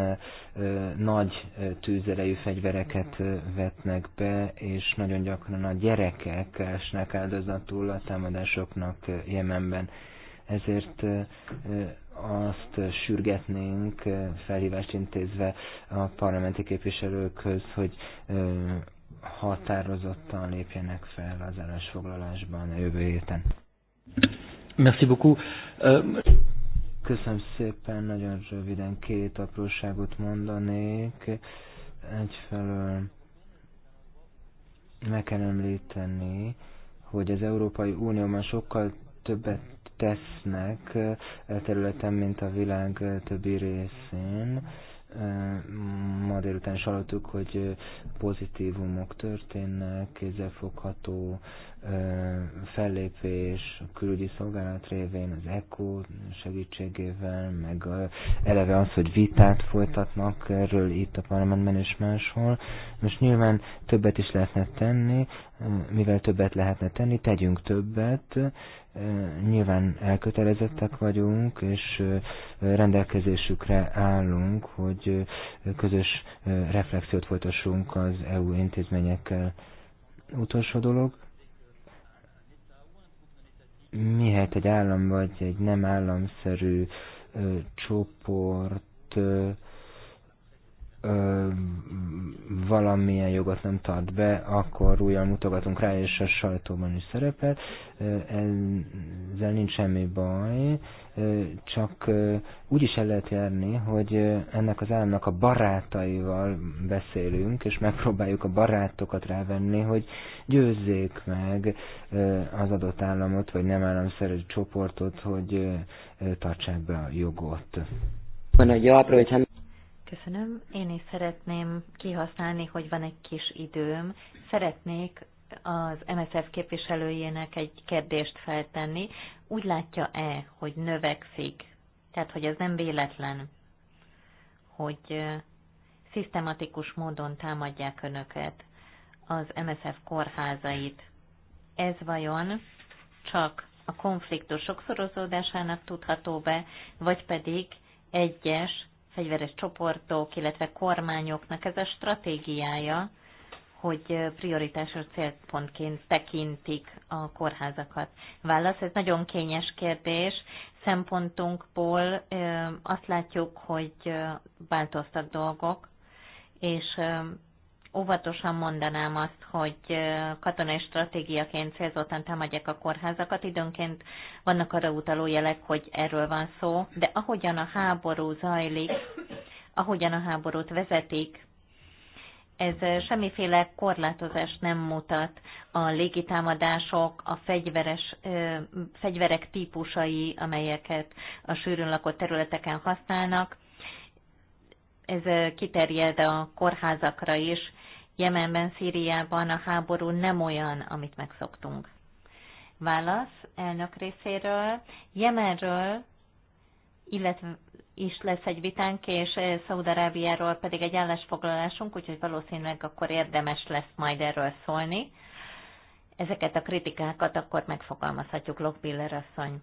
ö, nagy ö, tűzerejű fegyvereket ö, vetnek be, és nagyon gyakran a gyerekek esnek áldozatul a támadásoknak ö, Jemenben. Ezért ö, ö, azt sürgetnénk, felhívást intézve a parlamenti képviselőkhöz, hogy határozottan lépjenek fel az állásfoglalásban a jövő héten. Merci beaucoup. Euh, Köszönöm szépen, nagyon röviden két apróságot mondanék. Egyfelől meg kell említeni, hogy az Európai Unióban sokkal többet tesznek e területen, mint a világ többi részén. Ma délután is hallottuk, hogy pozitívumok történnek, kézzelfogható fellépés a külügyi szolgálat révén, az ECO segítségével, meg eleve az, hogy vitát folytatnak erről itt a parlamentben és máshol. Most nyilván többet is lehetne tenni, mivel többet lehetne tenni, tegyünk többet, nyilván elkötelezettek vagyunk, és rendelkezésükre állunk, hogy közös reflexiót folytassunk az EU intézményekkel. Utolsó dolog, mihet egy állam vagy egy nem államszerű csoport ö, valamilyen jogot nem tart be, akkor újjal mutogatunk rá, és a sajtóban is szerepel. Ezzel nincs semmi baj, csak úgy is el lehet járni, hogy ennek az államnak a barátaival beszélünk, és megpróbáljuk a barátokat rávenni, hogy győzzék meg az adott államot, vagy nem államszerű csoportot, hogy tartsák be a jogot. egy apró, aprovechando Köszönöm. Én is szeretném kihasználni, hogy van egy kis időm. Szeretnék az MSZF képviselőjének egy kérdést feltenni. Úgy látja-e, hogy növekszik? Tehát, hogy ez nem véletlen, hogy szisztematikus módon támadják önöket, az MSZF kórházait. Ez vajon csak a konfliktus sokszorozódásának tudható be, vagy pedig egyes fegyveres csoportok, illetve kormányoknak ez a stratégiája, hogy prioritásos célpontként tekintik a kórházakat. Válasz, ez nagyon kényes kérdés. Szempontunkból azt látjuk, hogy változtak dolgok, és óvatosan mondanám azt, hogy katonai stratégiaként célzottan támadják a kórházakat. Időnként vannak arra utaló jelek, hogy erről van szó, de ahogyan a háború zajlik, ahogyan a háborút vezetik, ez semmiféle korlátozást nem mutat a légitámadások, a fegyveres, fegyverek típusai, amelyeket a sűrűn lakott területeken használnak, ez kiterjed a kórházakra is. Jemenben, Szíriában a háború nem olyan, amit megszoktunk. Válasz elnök részéről. Jemenről illetve is lesz egy vitánk, és Szaudarábiáról pedig egy állásfoglalásunk, úgyhogy valószínűleg akkor érdemes lesz majd erről szólni. Ezeket a kritikákat akkor megfogalmazhatjuk, Lokbiller asszony.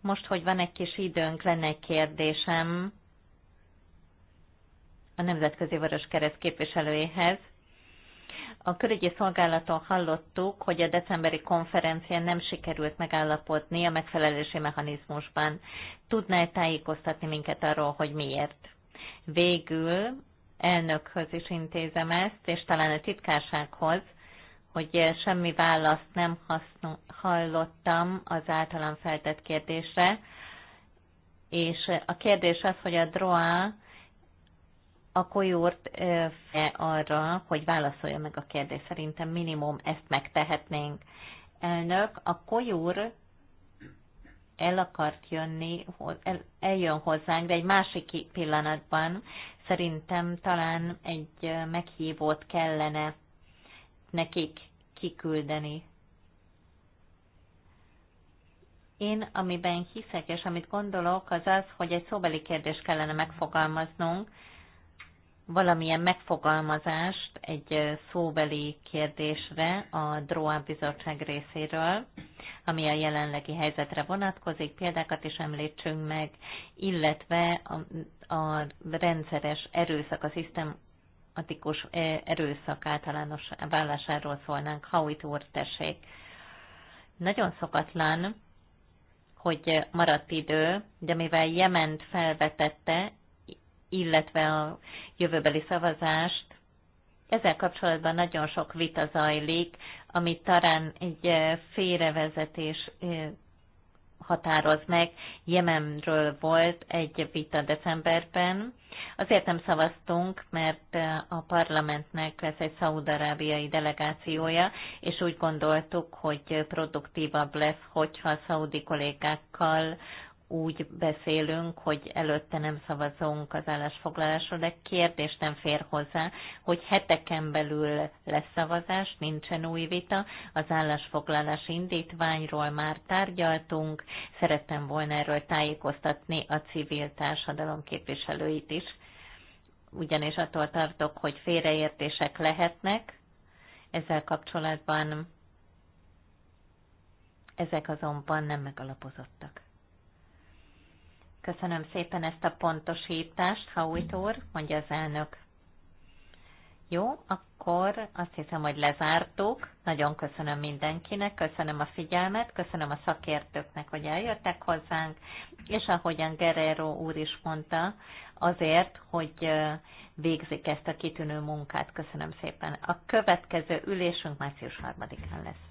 Most, hogy van egy kis időnk, lenne egy kérdésem a Nemzetközi Vörös Kereszt képviselőjéhez. A körügyi szolgálaton hallottuk, hogy a decemberi konferencián nem sikerült megállapodni a megfelelési mechanizmusban. Tudná-e tájékoztatni minket arról, hogy miért? Végül elnökhöz is intézem ezt, és talán a titkársághoz, hogy semmi választ nem hallottam az általam feltett kérdésre, és a kérdés az, hogy a DROA akkor e, arra, hogy válaszolja meg a kérdést. Szerintem minimum ezt megtehetnénk. Elnök, a kolyúr el akart jönni, el, eljön hozzánk, de egy másik pillanatban szerintem talán egy meghívót kellene nekik kiküldeni. Én, amiben hiszek, és amit gondolok, az az, hogy egy szóbeli kérdést kellene megfogalmaznunk, valamilyen megfogalmazást egy szóbeli kérdésre a DROA bizottság részéről, ami a jelenlegi helyzetre vonatkozik, példákat is említsünk meg, illetve a, a rendszeres erőszak, a szisztematikus erőszak általános vállásáról szólnánk. Howitt úr, tessék! Nagyon szokatlan, hogy maradt idő, de mivel Jement felvetette, illetve a jövőbeli szavazást. Ezzel kapcsolatban nagyon sok vita zajlik, amit talán egy félrevezetés határoz meg. Jemenről volt egy vita decemberben. Azért nem szavaztunk, mert a parlamentnek lesz egy szaudarábiai delegációja, és úgy gondoltuk, hogy produktívabb lesz, hogyha szaudi kollégákkal úgy beszélünk, hogy előtte nem szavazunk az állásfoglalásra, de kérdés nem fér hozzá, hogy heteken belül lesz szavazás, nincsen új vita, az állásfoglalás indítványról már tárgyaltunk, szerettem volna erről tájékoztatni a civil társadalom képviselőit is, ugyanis attól tartok, hogy félreértések lehetnek, ezzel kapcsolatban ezek azonban nem megalapozottak. Köszönöm szépen ezt a pontosítást, Hauit úr, mondja az elnök. Jó, akkor azt hiszem, hogy lezártuk. Nagyon köszönöm mindenkinek, köszönöm a figyelmet, köszönöm a szakértőknek, hogy eljöttek hozzánk, és ahogyan Guerrero úr is mondta, azért, hogy végzik ezt a kitűnő munkát. Köszönöm szépen. A következő ülésünk március 3-án lesz.